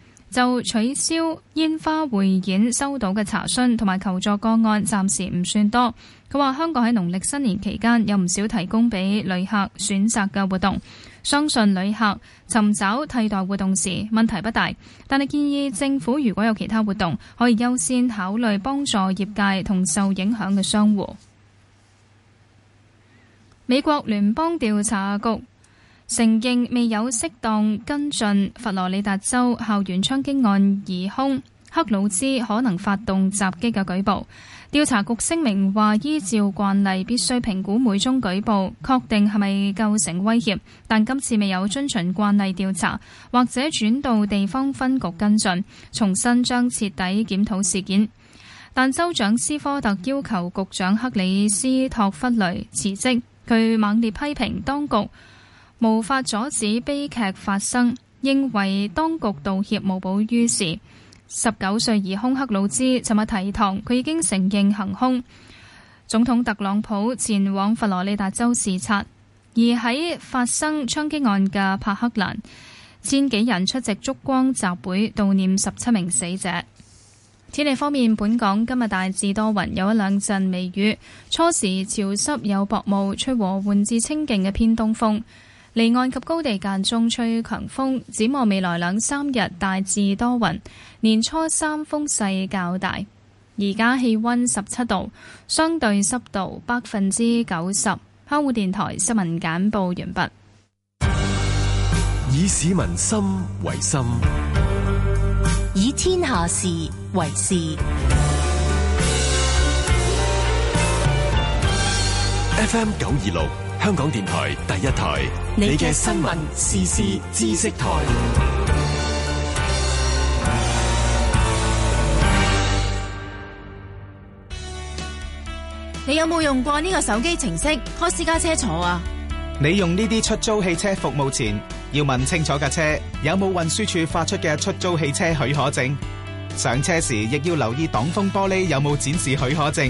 就取消煙花匯演收到嘅查詢同埋求助個案，暫時唔算多。佢話香港喺農曆新年期間有唔少提供俾旅客選擇嘅活動，相信旅客尋找替代活動時問題不大。但係建議政府如果有其他活動可以優先考慮幫助業界同受影響嘅商戶。美國聯邦調查局。承認未有適當跟進佛羅里達州校園槍擊案疑兇克魯茲可能發動襲擊嘅舉報。調查局聲明話，依照慣例必須評估每宗舉報，確定係咪構成威脅，但今次未有遵循慣例調查，或者轉到地方分局跟進，重新將徹底檢討事件。但州長斯科特要求局長克里斯托弗雷辭職，佢猛烈批評當局。無法阻止悲劇發生，認為當局道歉，無補於事。十九歲疑兇克魯茲尋日提堂，佢已經承認行兇。總統特朗普前往佛羅里達州視察，而喺發生槍擊案嘅帕克蘭，千幾人出席燭光集會悼念十七名死者。天氣方面，本港今日大致多雲，有一兩陣微雨，初時潮濕有薄霧，吹和緩至清勁嘅偏東風。離岸及高地間中吹強風，展望未來兩三日大致多雲，年初三風勢較大。而家氣温十七度，相對濕度百分之九十。香港電台新聞簡報完畢。以市民心為心，以天下事為事。F.M. 九二六。香港電台第一台，你嘅新聞時事知識台。你有冇用過呢個手機程式開私家車坐啊？你用呢啲出租汽車服務前，要問清楚架車有冇運輸處發出嘅出租汽車許可證。上車時亦要留意擋風玻璃有冇展示許可證。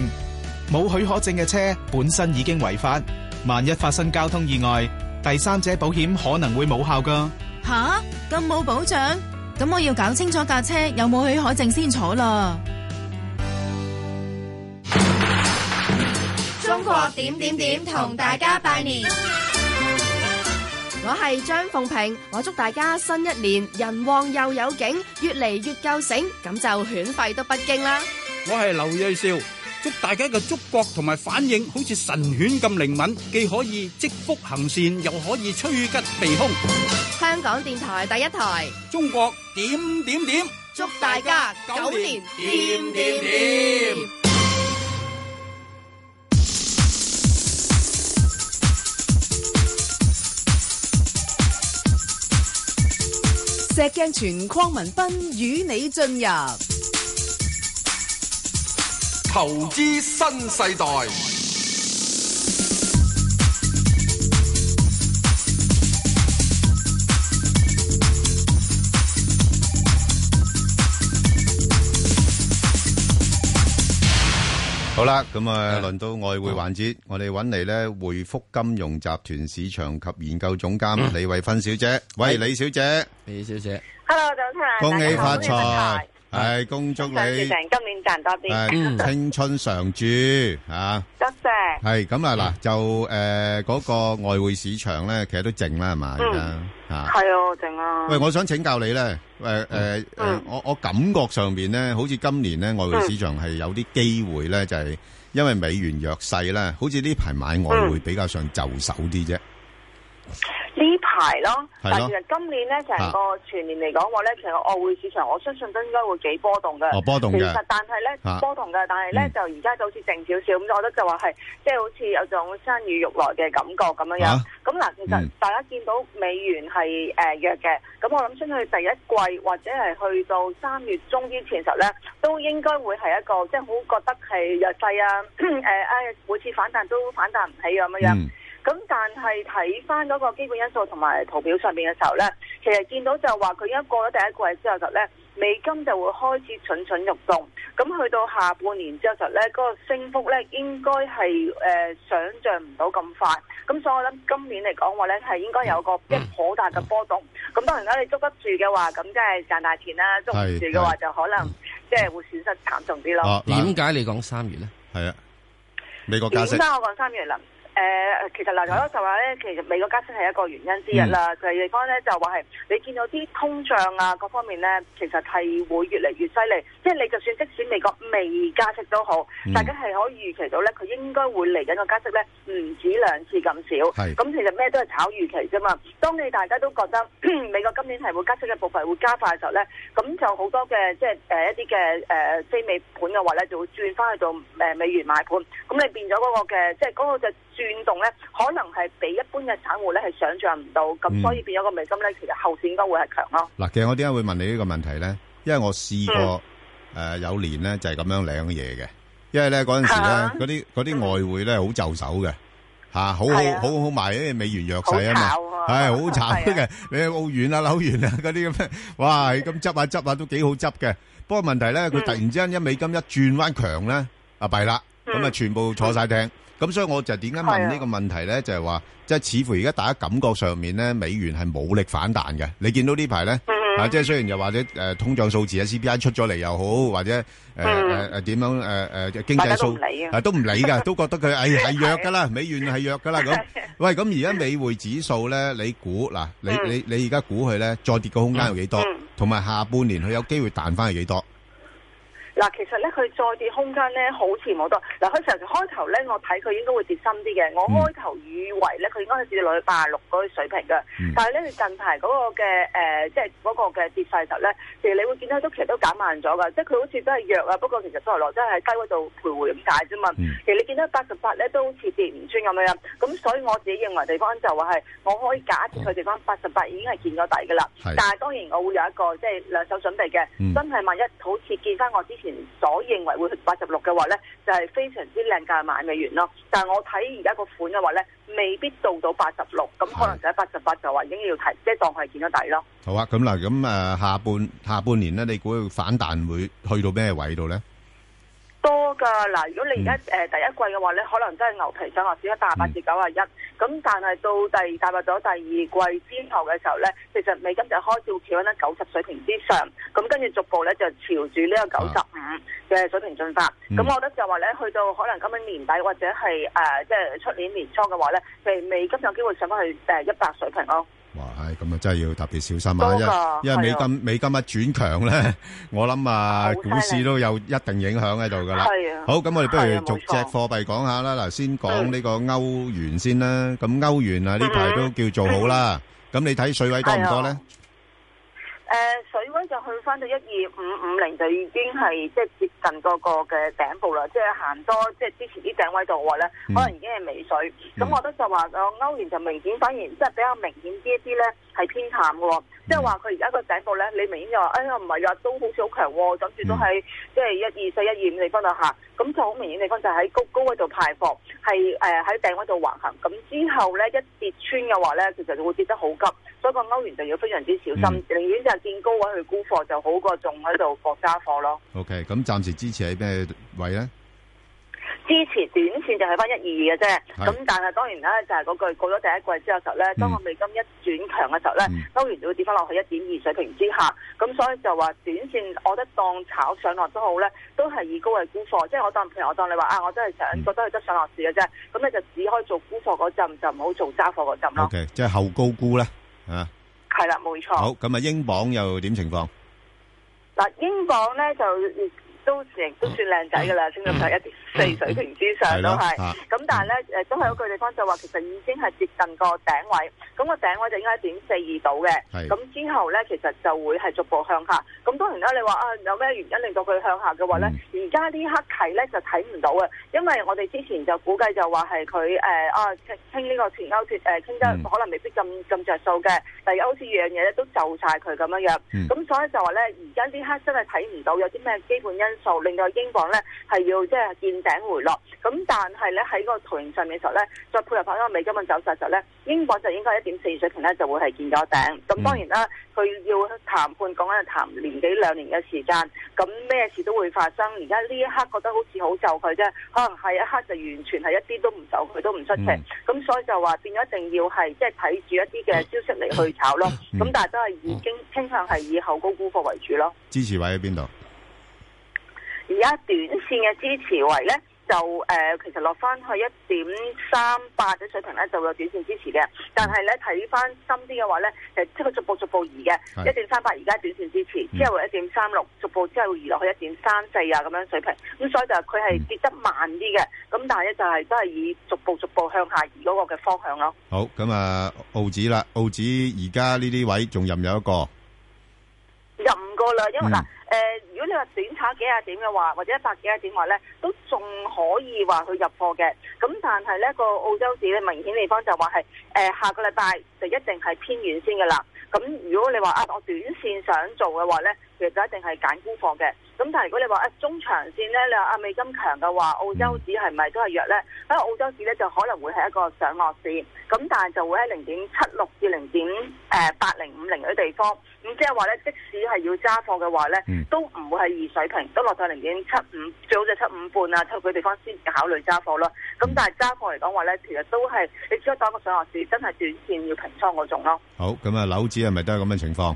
冇許可證嘅車本身已經違法。萬一發生交通意外，第三者保險可能會冇效噶。吓，咁冇保障？咁我要搞清楚架車有冇許可證先坐啦。中國點點點同大家拜年，我係張鳳平，我祝大家新一年人旺又有景，越嚟越夠醒，咁就犬吠都不驚啦。我係劉瑞少。祝大家嘅觸覺同埋反應好似神犬咁靈敏，既可以積福行善，又可以趨吉避凶。香港電台第一台，中國點點點，祝大家九年點點點。石鏡泉、鄺民彬與你進入。投資新世代。好啦，咁啊，輪到外匯環節，我哋揾嚟咧匯福金融集團市場及研究總監李慧芬小姐。喂，李小姐，李小姐，Hello 早晨，恭喜發財。係恭祝你今年賺多啲。誒，青春常駐啊！多謝。係咁啊嗱，就誒嗰個外匯市場咧，其實都靜啦，係嘛啦吓。係啊，靜啊。喂，我想請教你咧，誒誒誒，我我感覺上邊咧，好似今年咧外匯市場係有啲機會咧，就係因為美元弱勢咧，好似呢排買外匯比較上就手啲啫。呢排咯是，但其實今年咧，成個全年嚟講話咧，其實外匯市場，我相信都應該會幾波動嘅、哦。波動嘅。其實但係咧、啊，波動嘅，但係咧、嗯，就而家就好似靜少少咁，我覺得就話係，即、就、係、是、好似有種山雨欲來嘅感覺咁樣樣。咁、啊、嗱、啊嗯，其實大家見到美元係誒弱嘅，咁我諗相去第一季或者係去到三月中之前實咧，都應該會係一個即係好覺得係弱勢啊！每次反彈都反彈唔起啊咁樣。嗯咁 *music* 但係睇返嗰個基本因素同埋圖表上面嘅時候咧，其實見到就話佢一過咗第一季之後就咧，美金就會開始蠢蠢欲動。咁去到下半年之後就咧，嗰個升幅咧應該係誒想象唔到咁快。咁所以我諗今年嚟講話咧係應該有一個一好大嘅波動。咁當然啦，你捉得住嘅話，咁即係賺大錢啦；捉唔住嘅話，就可能即係會損失慘重啲咯。點解、啊、你講三月咧？係啊，美國加息。點解我講三月咧？誒、呃，其實嗱，有一時候咧，其實美國加息係一個原因之一啦、嗯。就係另一方面咧，就話係你見到啲通脹啊各方面咧，其實係會越嚟越犀利。即係你就算、是、即使美國未加息都好、嗯，大家係可以預期到咧，佢應該會嚟緊個加息咧，唔止兩次咁少。咁其實咩都係炒預期啫嘛。當你大家都覺得美國今年係會加息嘅步伐會加快嘅時候咧，咁就好多嘅即係誒、呃、一啲嘅誒非美盤嘅話咧，就會轉翻去到誒、呃、美元買盤。咁你變咗嗰個嘅即係嗰個嘅。轉動咧，可能係比一般嘅散戶咧係想象唔到，咁所以變咗個美金咧，其實後市應該會係強咯。嗱，其實我點解會問你呢個問題咧？因為我試過誒有年咧就係咁樣領嘢嘅，因為咧嗰陣時咧嗰啲嗰啲外匯咧好就手嘅嚇，好好好好賣啲美元弱勢啊嘛，係好慘嘅，你去澳元啊、紐元啊嗰啲咁樣，哇咁執下執下都幾好執嘅。不過問題咧，佢突然之間一美金一轉彎強咧，啊弊啦，咁啊全部坐曬艇。咁所以我就點解問呢個問題咧、啊？就係、是、話，即、就、係、是、似乎而家大家感覺上面咧，美元係冇力反彈嘅。你見到呢排咧、嗯，啊，即係雖然又或者誒、呃、通脹數字啊 CPI 出咗嚟又好，或者誒誒點樣誒誒、呃、經濟數，都啊都唔理㗎， *laughs* 都覺得佢係係弱噶啦，美元係弱噶啦咁。 *laughs* 喂，咁而家美匯指數咧，你估嗱，你、嗯、你你而家估佢咧，再跌個空間有幾多？同、嗯、埋、嗯、下半年佢有機會彈翻去幾多？嗱，其實咧佢再跌空間咧好似冇多。嗱，佢成開頭咧，我睇佢應該會跌深啲嘅。我開頭以為咧，佢應該係跌落去八十六嗰個水平嘅、嗯。但係咧，近排嗰個嘅誒，即係嗰個嘅跌勢就咧，其實你會見到都其實都減慢咗㗎。即係佢好似都係弱啊，不過其實都係落咧喺低位度徘徊咁大啫嘛。其、嗯、實你見到八十八咧都好似跌唔穿咁樣，咁所以我自己認為地方就話係我可以假設佢地方八十八已經係見咗底㗎啦、嗯。但係當然我會有一個即係、就是、兩手準備嘅、嗯，真係萬一好似見翻我之前。所認為會去八十六嘅話咧，就係、是、非常之靚價買美元咯。但係我睇而家個款嘅話咧，未必做到到八十六，咁可能就喺八十八就話已經要睇，即係當係見到底咯。好啊，咁嗱，咁、嗯、誒下半下半年咧，你估反彈會去到咩位度咧？多噶嗱，如果你而家第一季嘅話咧、嗯，可能真係牛皮上落跌一百八至九十一，咁、嗯、但係到第踏入咗第二季之後嘅時候咧，其實美金就開始企喺咧九十水平之上，咁跟住逐步咧就朝住呢個九十五嘅水平進發，咁、啊、我覺得就話咧，去到可能今年年底或者係即係出年年初嘅話咧，其實美金有機會上翻去誒一百水平咯、哦。哇！咁啊，真係要特別小心啊！因為，因為美金美金一轉強咧，我諗啊，股市都有一定影響喺度噶啦。係啊，好，咁我哋不如逐隻貨幣講下啦。嗱，先講呢個歐元先啦。咁歐元啊，呢排都叫做好啦。咁你睇水位多唔多咧？水位就去翻到一二五五零，就已經係即係接近嗰個嘅頂部啦。即係行多即係、就是、之前啲頂位度嘅話咧，可能已經係尾水。咁、嗯、我覺得就話，誒歐元就明顯反而，即係比較明顯啲一啲咧。係偏淡喎，即係話佢而家個頂部咧，你明顯就話，哎呀唔係日都好似好強，諗住都喺即係一二四一二五地方度、呃、行，咁就好明顯地方就喺高高位度派貨，係誒喺頂位度橫行，咁之後咧，一跌穿嘅話咧，其實就會跌得好急，所以個歐元就要非常之小心，寧、嗯、願就見高位去沽貨就好過仲喺度國家貨咯。OK，咁暫時支持喺咩位咧？支持短線就係翻一二二、二、二嘅啫，咁但係當然啦，就係嗰句過咗第一季之後就時咧，當我美金一轉強嘅時候咧，歐元就會跌翻落去一點二水平之下，咁、嗯、所以就話短線我覺得當炒上落都好咧，都係以高位沽貨，即係我當譬如我當你話啊，我真係想覺得佢得上落市嘅啫，咁、嗯、你就只可以做沽貨嗰陣，就唔、okay，好做揸貨嗰陣咯。O K，即係後高估咧，啊，係啦，冇錯。好，咁啊，英鎊又點情況？嗱，英鎊咧就。都成都算靚仔噶啦，升到就一點四水平之上都係，咁、啊、但係咧誒都係有句地方就話，其實已經係接近個頂位，咁個頂位就應該一點四二度嘅，咁之後咧其實就會係逐步向下，咁當然啦，你話啊有咩原因令到佢向下嘅話咧，而家啲黑刻呢咧就睇唔到嘅，因為我哋之前就估計就話係佢誒啊呢個脫歐誒傾得可能未必咁咁着數嘅，但係好似一樣嘢咧都就晒佢咁樣樣，咁、嗯、所以就話咧而家啲黑真係睇唔到有啲咩基本因。因素令到英鎊咧係要即係見頂回落，咁但係咧喺嗰個圖形上面嘅時候咧，再配合翻一個美金嘅走勢嘅時候咧，英鎊就應該一點四水平咧就會係見咗頂。咁當然啦、啊，佢要談判講緊係談年幾兩年嘅時間，咁咩事都會發生。而家呢一刻覺得好似好就佢啫，可能係一刻就完全係一啲都唔就，佢都唔出奇。咁、嗯、所以就話變咗一定要係即係睇住一啲嘅消息嚟去炒咯。咁、嗯、但係都係已經傾向係以後高沽貨為主咯。支持位喺邊度？而家短線嘅支持位咧，就誒、呃、其實落翻去一點三八嘅水平咧，就會有短線支持嘅。但係咧睇翻深啲嘅話咧，即係佢逐步逐步移嘅，一點三八而家短線支持，之後一點三六逐步之後會移落去一點三四啊咁樣水平。咁所以就係佢係跌得慢啲嘅，咁、嗯、但係咧就係、是、都係以逐步逐步向下移嗰個嘅方向咯。好，咁啊澳紙啦，澳紙而家呢啲位仲任有一個。入唔過啦，因為嗱，誒、呃，如果你話短炒幾廿點嘅話，或者一百幾廿點嘅話咧，都仲可以話去入貨嘅。咁但係咧，呢個澳洲市咧明顯地方就話係，誒、呃，下個禮拜就一定係偏遠先噶啦。咁如果你話啊，我短線想做嘅話咧，其實就一定係揀沽貨嘅。咁但係如果你話啊，中長線咧，你話阿美金強嘅話，澳洲指係咪都係弱咧？喺澳洲指咧就可能會係一個上落線，咁但係就會喺零點七六至零點誒八零五零嗰啲地方。咁即係話咧，即使係要揸貨嘅話咧，都唔會係二水平，都落到零點七五，最好就七五半啊，七嗰啲地方先考慮揸貨咯。咁但係揸貨嚟講話咧，其實都係你只如果當個上落市，真係短線要平倉嗰種咯。好，咁啊樓指係咪都係咁嘅情況？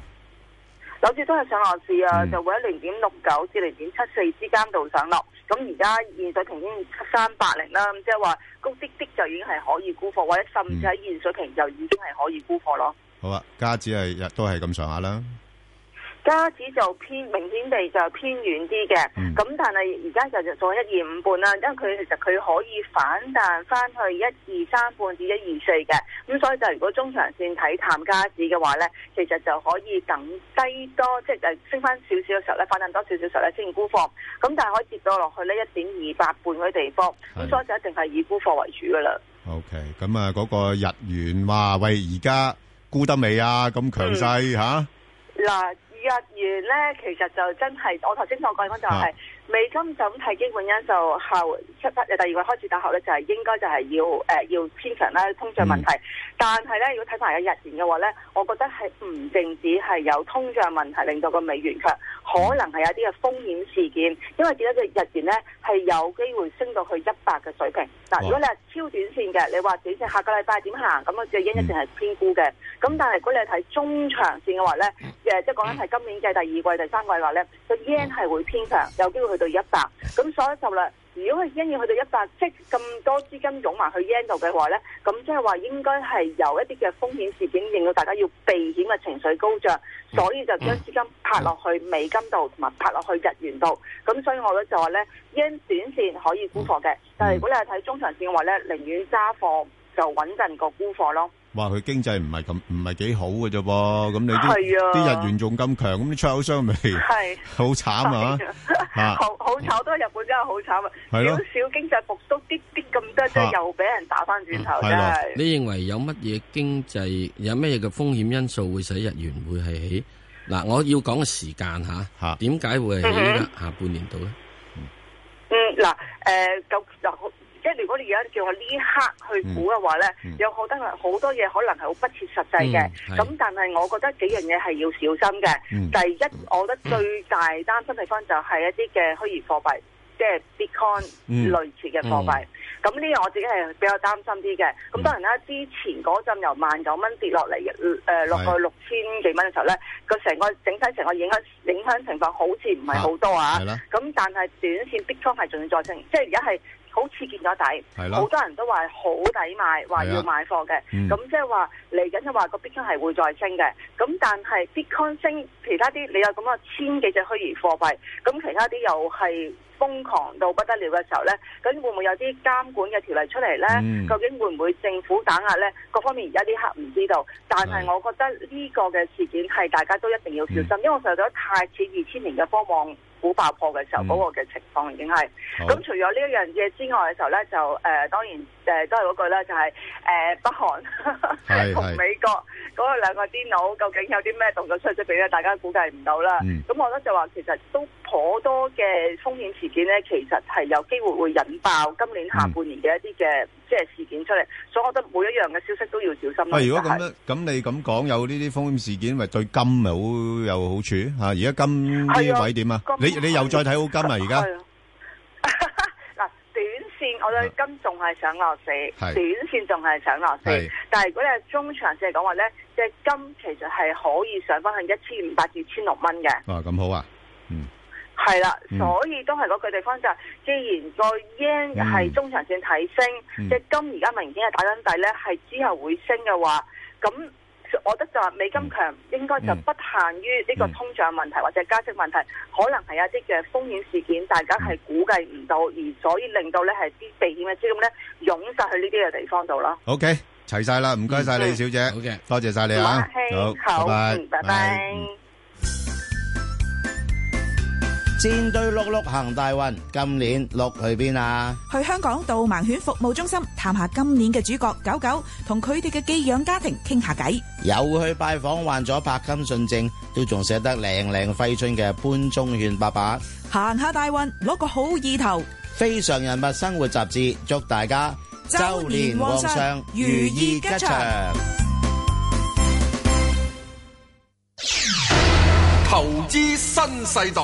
有、嗯、次都係上落市啊，就會喺零點六九至零點七四之間度上落。咁而家現水平已經七三八零啦，咁即係話高啲啲就已經係可以沽貨，或者甚至喺現水平就已經係可以沽貨咯。好啊，家指係日都係咁上下啦。家子就偏明顯地就偏遠啲嘅，咁、嗯、但係而家就就仲有一二五半啦，因為佢其實佢可以反彈翻去，一二三半至一二四嘅，咁所以就如果中長線睇淡加紙嘅話咧，其實就可以等低多，即、就、係、是、升翻少少嘅時候咧，反彈多少少時候咧先沽貨，咁但係可以跌到落去咧一點二八半嗰啲地方，咁所以就一定係以沽貨為主噶啦。O K，咁啊嗰個日元話喂，而家沽得未？嗯、啊？咁強勢吓嗱。入完咧，其實就真係，我頭先所講就係、是。啊美金就咁睇基本因素後出發，第二季開始打學咧，就係應該就係要誒、呃、要偏強啦，通脹問題。嗯、但係咧，如果睇埋嘅日元嘅話咧，我覺得係唔淨止係有通脹問題令到個美元強，可能係有啲嘅風險事件，因為點解嘅日元咧係有機會升到去一百嘅水平。嗱，如果你係超短線嘅，你話短線下個禮拜點行？咁啊隻 yen 一定係偏沽嘅。咁、嗯、但係如果你係睇中長線嘅話咧，誒、嗯、即係講緊係今年嘅第二季、嗯、第三季話咧，個 yen 係會偏強，有機會去到一百，咁所以就啦。如果係仍要去到一百，即咁多資金湧埋去 Yen 度嘅話呢，咁即係話應該係由一啲嘅風險事件令到大家要避險嘅情緒高漲，所以就將資金拍落去美金度同埋拍落去日元度。咁所以我咧就話咧，Yen 短線可以沽貨嘅，但係如果你係睇中長線嘅話咧，寧願揸貨就穩陣過沽貨咯。話佢經濟唔係咁唔係幾好嘅啫噃，咁你啲啲，啊、日元仲咁強，咁啲出口商咪好慘啊！啊啊 *laughs* 好好慘都係日本真，真係好慘啊！係咯，少少經濟復甦，啲啲咁多，真、啊、係又俾人打翻轉頭，係、啊、係、啊啊。你認為有乜嘢經濟有咩嘅風險因素會使日元會係起？嗱、啊，我要講個時間吓，點、啊、解會係起呢？下半年度咧？嗯，嗱、嗯，誒、啊，就、呃即係如果你而家叫我呢刻去估嘅話咧、嗯，有好多好、嗯、多嘢可能係好不切實際嘅。咁、嗯、但係我覺得幾樣嘢係要小心嘅、嗯。第一，我覺得最大擔心地方就係一啲嘅虛擬貨幣，即係 Bitcoin 類似嘅貨幣。咁、嗯、呢、嗯、樣我自己係比較擔心啲嘅。咁當然啦，之前嗰陣由萬九蚊跌落嚟、呃，落去六千幾蚊嘅時候咧，個成個整體成個影響影響情況好似唔係好多啊。咁、啊、但係短線 Bitcoin 係仲要再升，即係而家係。好似見咗底，好多人都話好抵買，話要買貨嘅。咁即係話嚟緊就話個 Bitcoin 係會再升嘅。咁但係 Bitcoin 升，其他啲你有咁嘅千幾隻虛擬貨幣，咁其他啲又係瘋狂到不得了嘅時候咧，咁會唔會有啲監管嘅條例出嚟咧、嗯？究竟會唔會政府打壓咧？各方面而家呢刻唔知道。但係我覺得呢個嘅事件係大家都一定要小心，嗯、因為我受到太似二千年嘅波望。好爆破嘅時候，嗰個嘅情況已經係，咁除咗呢一樣嘢之外嘅時候咧，就誒，當然。就係都係嗰句啦，就係誒北韓同美國嗰兩個癲佬，究竟有啲咩動作出出嚟咧？大家估計唔到啦。咁我覺得就話其實都頗多嘅風險事件咧，其實係有機會會引爆今年下半年嘅一啲嘅即係事件出嚟。所以我覺得每一樣嘅消息都要小心啦。如果咁樣咁你咁講，有呢啲風險事件，咪對金咪好有好處嚇？而家金呢位點啊？你，你又再睇好金啊？而家？我哋金仲係想落市，短線仲係想落市，是但係，如果你係中長線嚟講話咧，即係金其實係可以上翻去一千五百至千六蚊嘅。哇、哦，咁好啊，嗯，係啦、嗯，所以都係嗰句地方就係，既然個 yen 係中長線睇升，嗯嗯、即係金而家明顯係打緊底咧，係之後會升嘅話，咁。我覺得就話美金強應該就不限於呢個通脹問題或者加息問題，嗯嗯、可能係一啲嘅風險事件，大家係估計唔到，而所以令到咧係啲避險嘅資金咧湧晒去呢啲嘅地方度咯。OK，齊晒啦，唔該晒李小姐，好，okay。嘅，多謝晒你啊，好，拜拜。拜拜，拜拜。面對碌碌行大運，今年碌去邊啊？去香港導盲犬服務中心探下今年嘅主角狗狗，同佢哋嘅寄養家庭傾下偈。有去拜訪患咗白金信症，都仲寫得靚靚揮春嘅潘忠犬伯伯。行下大運，攞個好意頭。非常人物生活雜誌祝大家周年旺上，如意吉祥。投資新世代。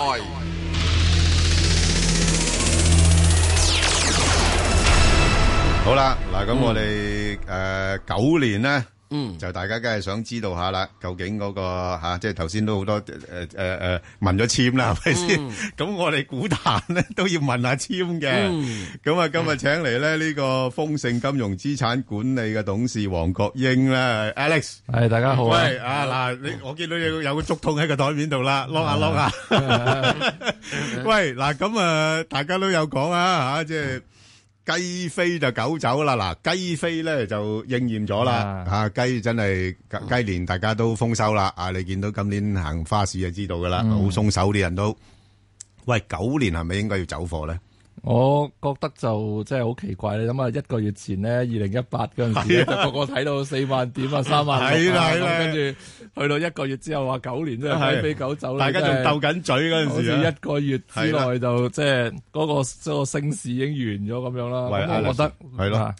好啦，嗱咁我哋誒狗年咧，嗯，就大家梗係想知道下啦，究竟嗰個吓，即係頭先都好多誒誒誒問咗籤啦，係咪先？咁我哋古談咧都要問下籤嘅，咁啊今日請嚟咧呢個豐盛金融資產管理嘅董事黃國英啦，Alex，係大家好啊，喂啊嗱，你我見到有有個竹筒喺個台面度啦，攞下攞下，喂嗱咁啊，大家都有講啊吓，即係。雞飛就狗走啦！嗱，雞飛咧就應驗咗啦！吓雞、啊、真係雞年大家都豐收啦！啊，你見到今年行花市就知道噶啦，好鬆手啲人都，喂，狗年係咪應該要走貨咧？我覺得就即係好奇怪，你諗下一個月前咧，二零一八嗰陣時咧、啊，就個個睇到，四萬點啊，三萬點啦，跟住，去到一個月之後話狗年咧雞飛狗走，大家仲鬥緊嘴嗰陣時，一個月之內、啊、就即係嗰個嗰、嗰個升市、嗰個、已經完咗咁樣啦。咁我覺得係咯，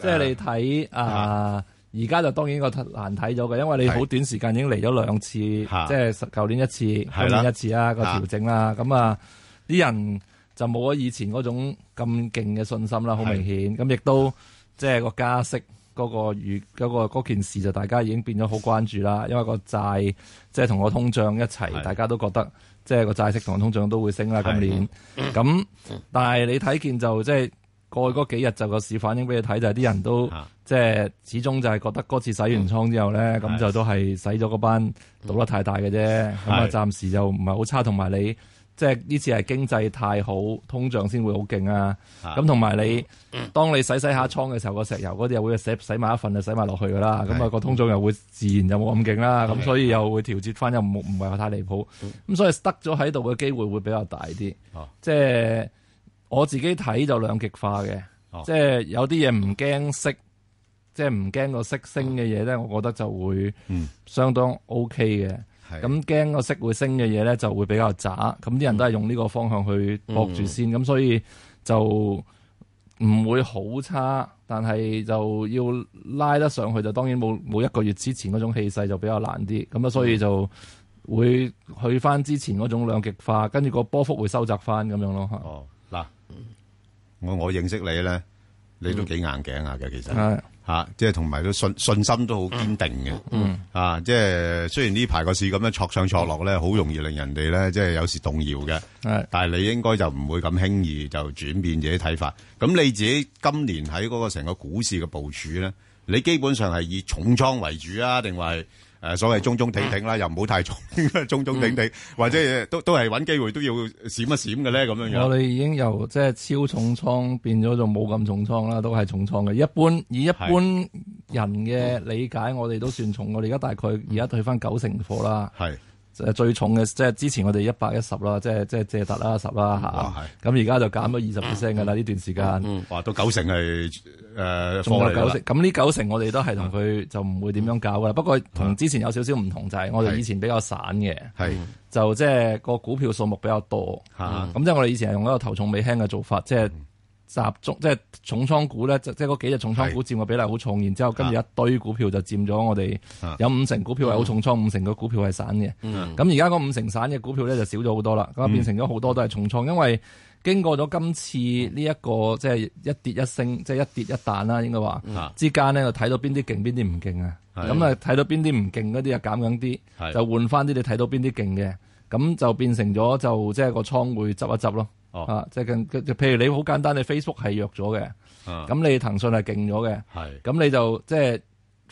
即係你睇啊，而、啊、家、啊就是啊啊、就當然個難睇咗嘅，因為你好短時間已經嚟咗兩次，即係舊年一次，今、啊、年一次啊，啊、個調整啦、啊，咁啊啲、啊、人。就冇咗以前嗰種咁勁嘅信心啦，好明顯。咁亦都即係個加息嗰個預嗰嗰件事，就大家已經變咗好關注啦。因為個債即係同個通脹一齊，大家都覺得即係、就是、個債息同通脹都會升啦。今年咁、嗯，但係你睇見就即係、就是、過去嗰幾日就個市反映俾你睇，就係、是、啲人都即係、就是、始終就係覺得嗰次洗完倉之後咧，咁、嗯、就都係洗咗嗰班賭得太大嘅啫。咁、嗯、啊，暫時就唔係好差，同埋你。即係呢次係經濟太好，通脹先會好勁啊！咁同埋你、嗯，當你洗洗下倉嘅時候，個石油嗰啲又會洗洗埋一份，就洗埋落去㗎啦。咁啊，個通脹又會自然就冇咁勁啦。咁所以又會調節翻，又唔係話太離譜。咁、嗯、所以得咗喺度嘅機會會比較大啲。即、啊、係、就是、我自己睇就兩極化嘅。即、啊、係、就是、有啲嘢唔驚息，即係唔驚個息升嘅嘢咧，我覺得就會相當 OK 嘅。嗯咁驚個息會升嘅嘢咧，就會比較渣。咁啲人都係用呢個方向去搏住先，咁、嗯、所以就唔會好差。但係就要拉得上去，就當然冇冇一個月之前嗰種氣勢就比較難啲。咁啊，所以就會去翻之前嗰種兩極化，跟住個波幅會收窄翻咁樣咯。哦，嗱，我我認識你咧。你都幾硬頸下嘅，其實嚇、啊，即係同埋都信信心都好堅定嘅，嚇、嗯啊！即係雖然呢排個市咁樣挫上挫落咧，好、嗯、容易令人哋咧，即係有時動搖嘅。但係你應該就唔會咁輕易就轉變自己睇法。咁你自己今年喺嗰個成個股市嘅部署咧，你基本上係以重倉為主啊，定係？誒，所謂中中挺挺啦，又唔好太重， *laughs* 中中挺挺，或者都都係揾機會，都，都，會都要閃一閃嘅咧，咁樣樣。我哋已經由即係、就是、超重倉變咗，就冇咁重倉啦，都係重倉嘅。一般以一般人嘅理解，是我哋都算重。我哋而家大概而家退翻九成貨啦。係。誒，最重嘅即係之前我哋一百一十啦，即係即係借特啦十啦嚇，咁而家就減咗二十 percent 嘅啦，呢段時間，哇，到九成係誒，仲、呃、九成，咁呢九成我哋都係同佢就唔會點樣搞啦。不過同之前有少少唔同就係、是、我哋以前比較散嘅，就即係個股票數目比較多咁、嗯、即係我哋以前係用一個頭重尾輕嘅做法，即係。集中即係重倉股咧，即係嗰幾隻重倉股佔嘅比例好重，然之後跟住一堆股票就佔咗我哋有五成股票係好重倉，嗯、五成嘅股票係散嘅。咁而家嗰五成散嘅股票咧就少咗好多啦，咁、嗯、變變成咗好多都係重倉，因為經過咗今次呢、這、一個即係、就是、一跌一升，即、就、係、是、一跌一彈啦，應該話、嗯、之間咧就睇到邊啲勁，邊啲唔勁啊。咁啊睇到邊啲唔勁嗰啲啊減緊啲，就換翻啲你睇到邊啲勁嘅，咁就變成咗就即係個倉會執一執咯。哦，啊，即係譬如你好簡單，你 Facebook 係弱咗嘅，咁、啊、你騰訊係勁咗嘅，咁你就即係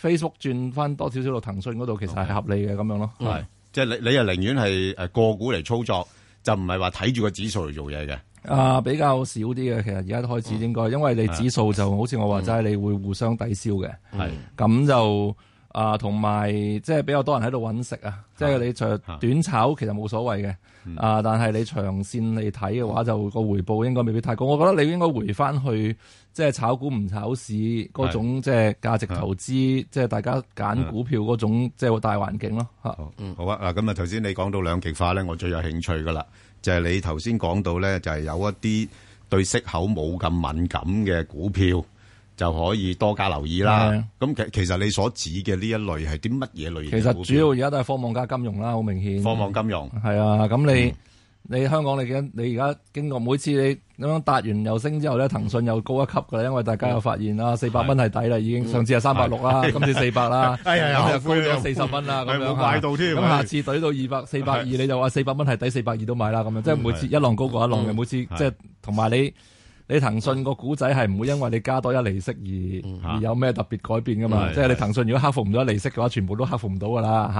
Facebook 轉翻多少少到騰訊嗰度，其實係合理嘅咁、okay、樣咯。係，即係你你又寧願係誒個股嚟操作，就唔係話睇住個指數嚟做嘢嘅。嗯、啊，比較少啲嘅，其實而家開始應該，因為你指數就好似我話齋，嗯、你會互相抵消嘅。係，咁就。啊，同埋即係比較多人喺度揾食啊！即係你著短炒，其實冇所謂嘅。啊，但係你長線嚟睇嘅話，就個回報應該未必太高。我覺得你應該回翻去即係炒股唔炒市嗰種，即係價值投資，即係大家揀股票嗰種，即係、係、大環境咯嚇嗯，好啊。咁啊，頭先你講到兩極化咧，我最有興趣噶啦，就係、係、你頭先講到咧，就係、係、有一啲對息口冇咁敏感嘅股票。就可以多加留意啦。咁其其實你所指嘅呢一類係啲乜嘢類型？其實主要而家都係科網加金融啦，好明顯。科網金融係啊。咁你你香港你見你而家經過每次你咁樣達完又升之後咧，騰訊又高一級噶啦，因為大家又發現啦，四百蚊係抵啦，已經上次係三百六啦，今次四百啦，係啊，高咗四十蚊啦，咁樣。買到添。咁下次懟到二百四百二，你就話四百蚊係抵，四百二都買啦。咁樣即係每次一浪高過一浪嘅，每次即係同埋你。你騰訊個股仔係唔會因為你多加多一厘息而，、嗯啊、而有咩特別改變噶嘛？嗯、即係你騰訊如果克服唔到一厘息嘅話，全部都克服唔到噶啦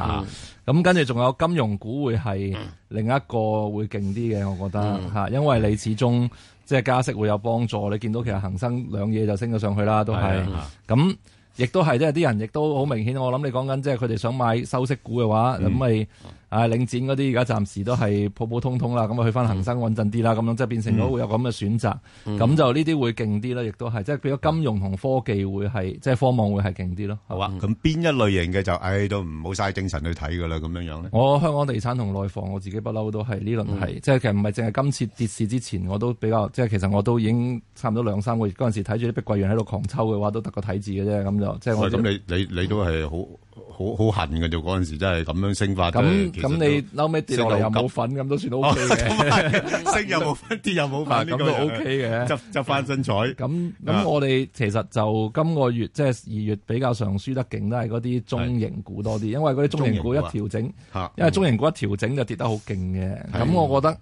吓。咁跟住仲有金融股會係、嗯、另一個會勁啲嘅，我覺得、嗯啊、因為你始終即係加息會有幫助。你見到其實恒生兩嘢就升咗上去啦，都係咁、嗯啊，亦都係即係啲人亦都好明顯。我諗你講緊即係佢哋想買收息股嘅話咁咪。嗯啊！領展嗰啲而家暫時都係普普通通啦，咁啊去翻恒生穩陣啲啦，咁、嗯、樣即係變成咗會有咁嘅選擇，咁、嗯、就呢啲會勁啲啦，亦都係即係譬如金融同科技會係即係科網會係勁啲咯。好咁、啊、邊、嗯、一類型嘅就唉、哎、都唔好嘥精神去睇噶啦，咁樣樣咧。我香港地產同內房我自己不嬲都係呢輪係，即係其實唔係淨係今次跌市之前，我都比較即係其實我都已經差唔多兩三個月嗰陣時睇住啲碧桂園喺度狂抽嘅話，都得個睇字嘅啫咁就。喂，咁、嗯、你你，你都係好。好好痕嘅就嗰陣時，真係咁樣升翻。咁咁你嬲尾跌落嚟又冇份，咁都算 OK 嘅。升又冇份，跌又冇份，咁都 OK 嘅。執執翻身彩。咁咁我哋其實就今個月即係二月比較上輸得勁都係嗰啲中型股多啲，因為嗰啲中型股一調整、啊，因為中型股一調整,、啊嗯、整就跌得好勁嘅。咁我覺得。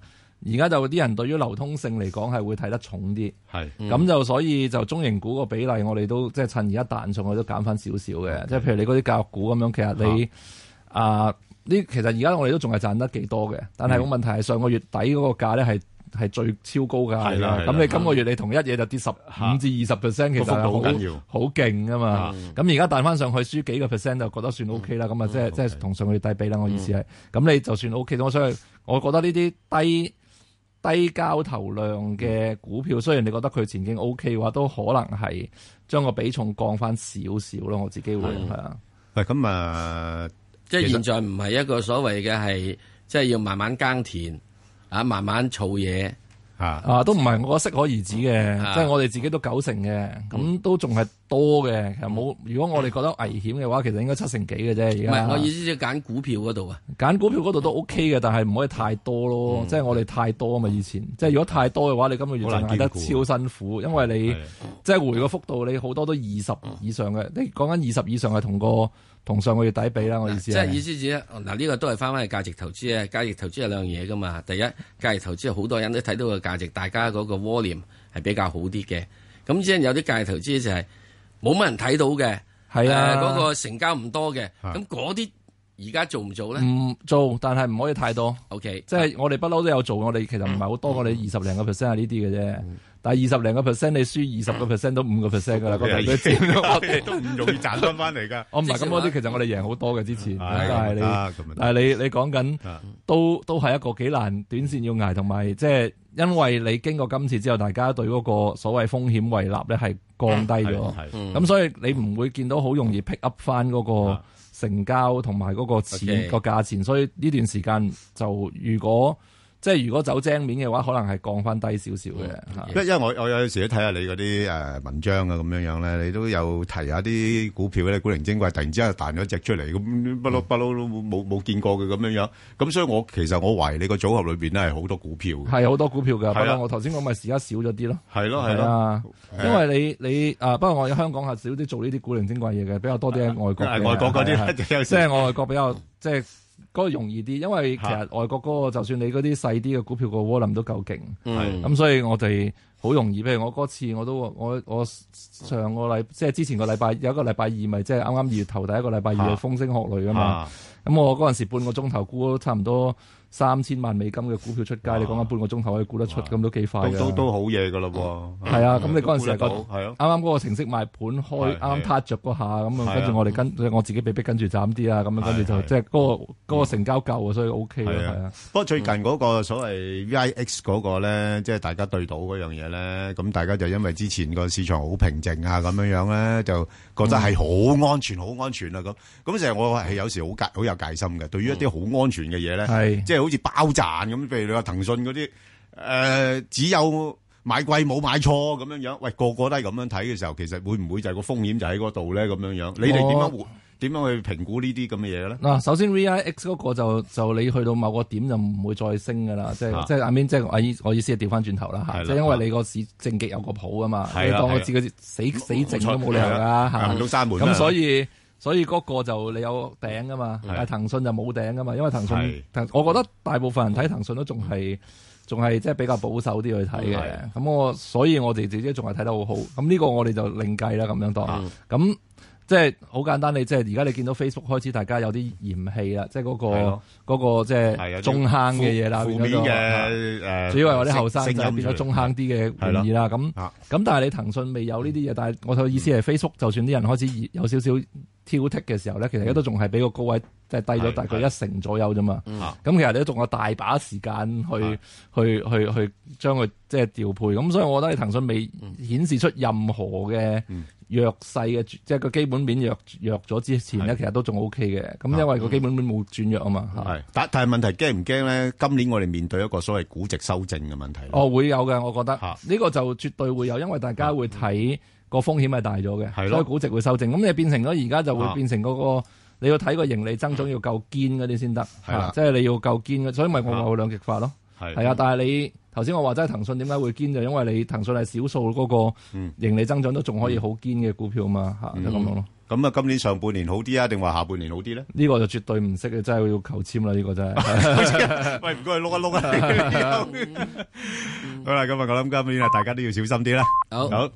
而家就啲人對於流通性嚟講係會睇得重啲，咁、嗯、就所以就中型股個比例我，我哋都即係趁而家彈上去都減翻少少嘅。即、okay. 係譬如你嗰啲教育股咁樣，其實你啊呢、啊，其實而家我哋都仲係賺得幾多嘅。但係個問題係上個月底嗰個價咧係係最超高㗎，係啦。咁你今個月你同一嘢就跌十五至二十 percent，其實好緊、啊、要，好勁啊嘛。咁而家彈翻上去，輸幾個 percent 就覺得算 OK 啦。咁啊即係即係同上個月底比啦、嗯。我意思係，咁你就算 OK、嗯。我想，我覺得呢啲低。低交投量嘅股票，雖然你覺得佢前景 OK 嘅話，都可能係將個比重降翻少少咯。我自己會，係啊。喂，咁啊，即係現在唔係一個所謂嘅係，即係要慢慢耕田啊，慢慢做嘢吓啊，都唔係我適可而止嘅，即係我哋自己都九成嘅，咁都仲係。多嘅，其實冇。如果我哋覺得危險嘅話，其實應該七成幾嘅啫。而家唔係，我意思要揀股票嗰度啊，揀股票嗰度都 O K 嘅，但係唔可以太多咯。即、嗯、係、就是、我哋太多啊嘛，以前即係如果太多嘅話、嗯，你今個月就捱得超辛苦，因為你即係、嗯就是、回個幅度，你好多都二十以上嘅、嗯。你講緊二十以上係同個、嗯、同上個月底比啦，我意思是。即係、就是、意思指嗱呢個都係翻翻去價值投資啊！價值投資有兩樣嘢噶嘛，第一價值投資好多人都睇到個價值，大家嗰個 volume 係比較好啲嘅。咁即係有啲價值投資就係、是。冇乜人睇到嘅，係啊，嗰、呃嗰個成交唔多嘅，咁嗰啲而家做唔做咧？唔、嗯、做，但係唔可以太多。O K，即係我哋不嬲都有做，嗯、我哋其實唔係好多、嗯、我哋二十零個 percent 呢啲嘅啫。嗱，二十零個 percent，你輸二十個 percent 到五個 percent 噶啦，個大舉戰，我哋 *laughs* 都唔容易賺翻翻嚟噶。我唔係咁嗰啲，其實我哋贏好多嘅之前。係啊，但係你、啊、你講緊都都係一個幾難短線要捱，同埋即係因為你經過今次之後，大家對嗰個所謂風險胃納咧係降低咗。係、嗯，咁所以你唔會見到好容易 pick up 翻嗰個成交同埋嗰個錢個、啊 okay. 價錢。所以呢段時間就如果。即係如果走正面嘅話，可能係降翻低少少嘅。因因為我我有時睇下你嗰啲誒文章啊，咁樣樣咧，你都有提下啲股票咧，古靈精怪，突然之間彈咗隻出嚟，咁不嬲不嬲冇冇見過嘅咁樣樣。咁所以我其實我懷疑你個組合裏面都係好多股票嘅，係好多股票㗎。不過我頭先講咪時間少咗啲咯，係咯係咯。因為你你啊，不過我喺香港係少啲做呢啲古靈精怪嘢嘅，比較多啲喺外國、啊啊啊啊，外國嗰啲即係外國比較即係嗰、那個容易啲，因為其實外國嗰、那個、啊、就算你嗰啲細啲嘅股票、那個 Volume 都夠勁，咁、嗯、所以我哋好容易。譬如我嗰次我都我我上個禮即係、就是、之前個禮拜有一個禮拜二咪即係啱啱二月頭第一個禮拜二、啊、風聲鶴唳嘅嘛，咁、啊嗯、我嗰陣時半個鐘頭估都差唔多。三千萬美金嘅股票出街，你講下半個鐘頭可以估得出，咁都幾快嘅。都都好嘢噶啦，係、嗯嗯、啊！咁、嗯嗯、你嗰陣時係係咯，啱啱嗰個程式賣盤開，啱 touch 撻著嗰下，咁啊，跟住我哋跟、啊，我自己被逼跟住斬啲啊，咁啊，跟住就即係嗰個、嗯那個成交夠啊，所以 O K 係啊。不過最近嗰個所謂 V I X 嗰個咧，即、就、係、是、大家對賭嗰樣嘢咧，咁、嗯、大家就因為之前個市場好平靜啊，咁樣樣咧，就覺得係好安全，好、嗯、安全啊，咁咁成日我係有時好戒，好有戒心嘅、嗯。對於一啲好安全嘅嘢咧，係即好似爆賺咁，譬如你話騰訊嗰啲，誒、呃、只有買貴冇買錯咁樣樣，喂個個都係咁樣睇嘅時候，其實會唔會就係個風險就喺嗰度咧？咁樣樣，你哋點樣點樣去評估呢啲咁嘅嘢咧？嗱，首先 VIX 嗰個就就你去到某個點就唔會再升噶啦，即係即係即係我意我意思係調翻轉頭啦，即係、就是、因為你個市政極有個譜噶嘛，你當我指嗰死死靜都冇理由噶，行到閂門所以嗰個就你有頂噶嘛，但係騰訊就冇頂噶嘛，因為騰訊，我覺得大部分人睇騰訊都仲係仲係即係比較保守啲去睇嘅。咁我所以我哋自己仲係睇得好好。咁呢個我哋就另計啦，咁樣當。咁即係好簡單，就係、你即係而家你見到 Facebook 開始大家有啲嫌棄啦，即係嗰個嗰、嗰個即係中坑嘅嘢啦，負面嘅誒，主、呃、要係我啲後生就變咗中坑啲嘅玩意啦。咁咁但係你騰訊未有呢啲嘢，但係我意思係 Facebook 就算啲人開始有少少。挑剔嘅時候咧，其實而家都仲係比個高位即係低咗大概一成左右啫嘛。咁、嗯、其實你都仲有大把時間去去去去，去將佢即係調配。咁所以我覺得騰訊未顯示出任何嘅弱勢嘅、嗯，即係個基本面弱弱咗之前咧，其實都仲 O K 嘅。咁因為個基本面冇轉弱啊嘛。係、嗯，但係問題驚唔驚咧？今年我哋面對一個所謂估值修正嘅問題。哦，會有嘅，我覺得呢、呢個就絕對會有，因為大家會睇。個風險係大咗嘅，所以估值會修正。咁你變成咗而家就會變成嗰、嗰個、啊、你要睇個盈利增長要夠堅嗰啲先得，係即係你要夠堅嘅，所以咪我話會兩極化咯。係啊，但係你頭先我話即係騰訊點解會堅就因為你騰訊係少數嗰個盈利增長都仲可以好堅嘅股票嘛吓，咁、嗯啊、咯。咁、嗯、啊，今年上半年好啲啊，定話下半年好啲咧？呢、呢個就絕對唔識嘅，真係要求簽啦，呢、呢個真係。喂，唔該，碌一碌啊！好啦，咁啊， *laughs* *laughs* 嗯、 *laughs* 我諗今年啊，大家都要小心啲啦。好。好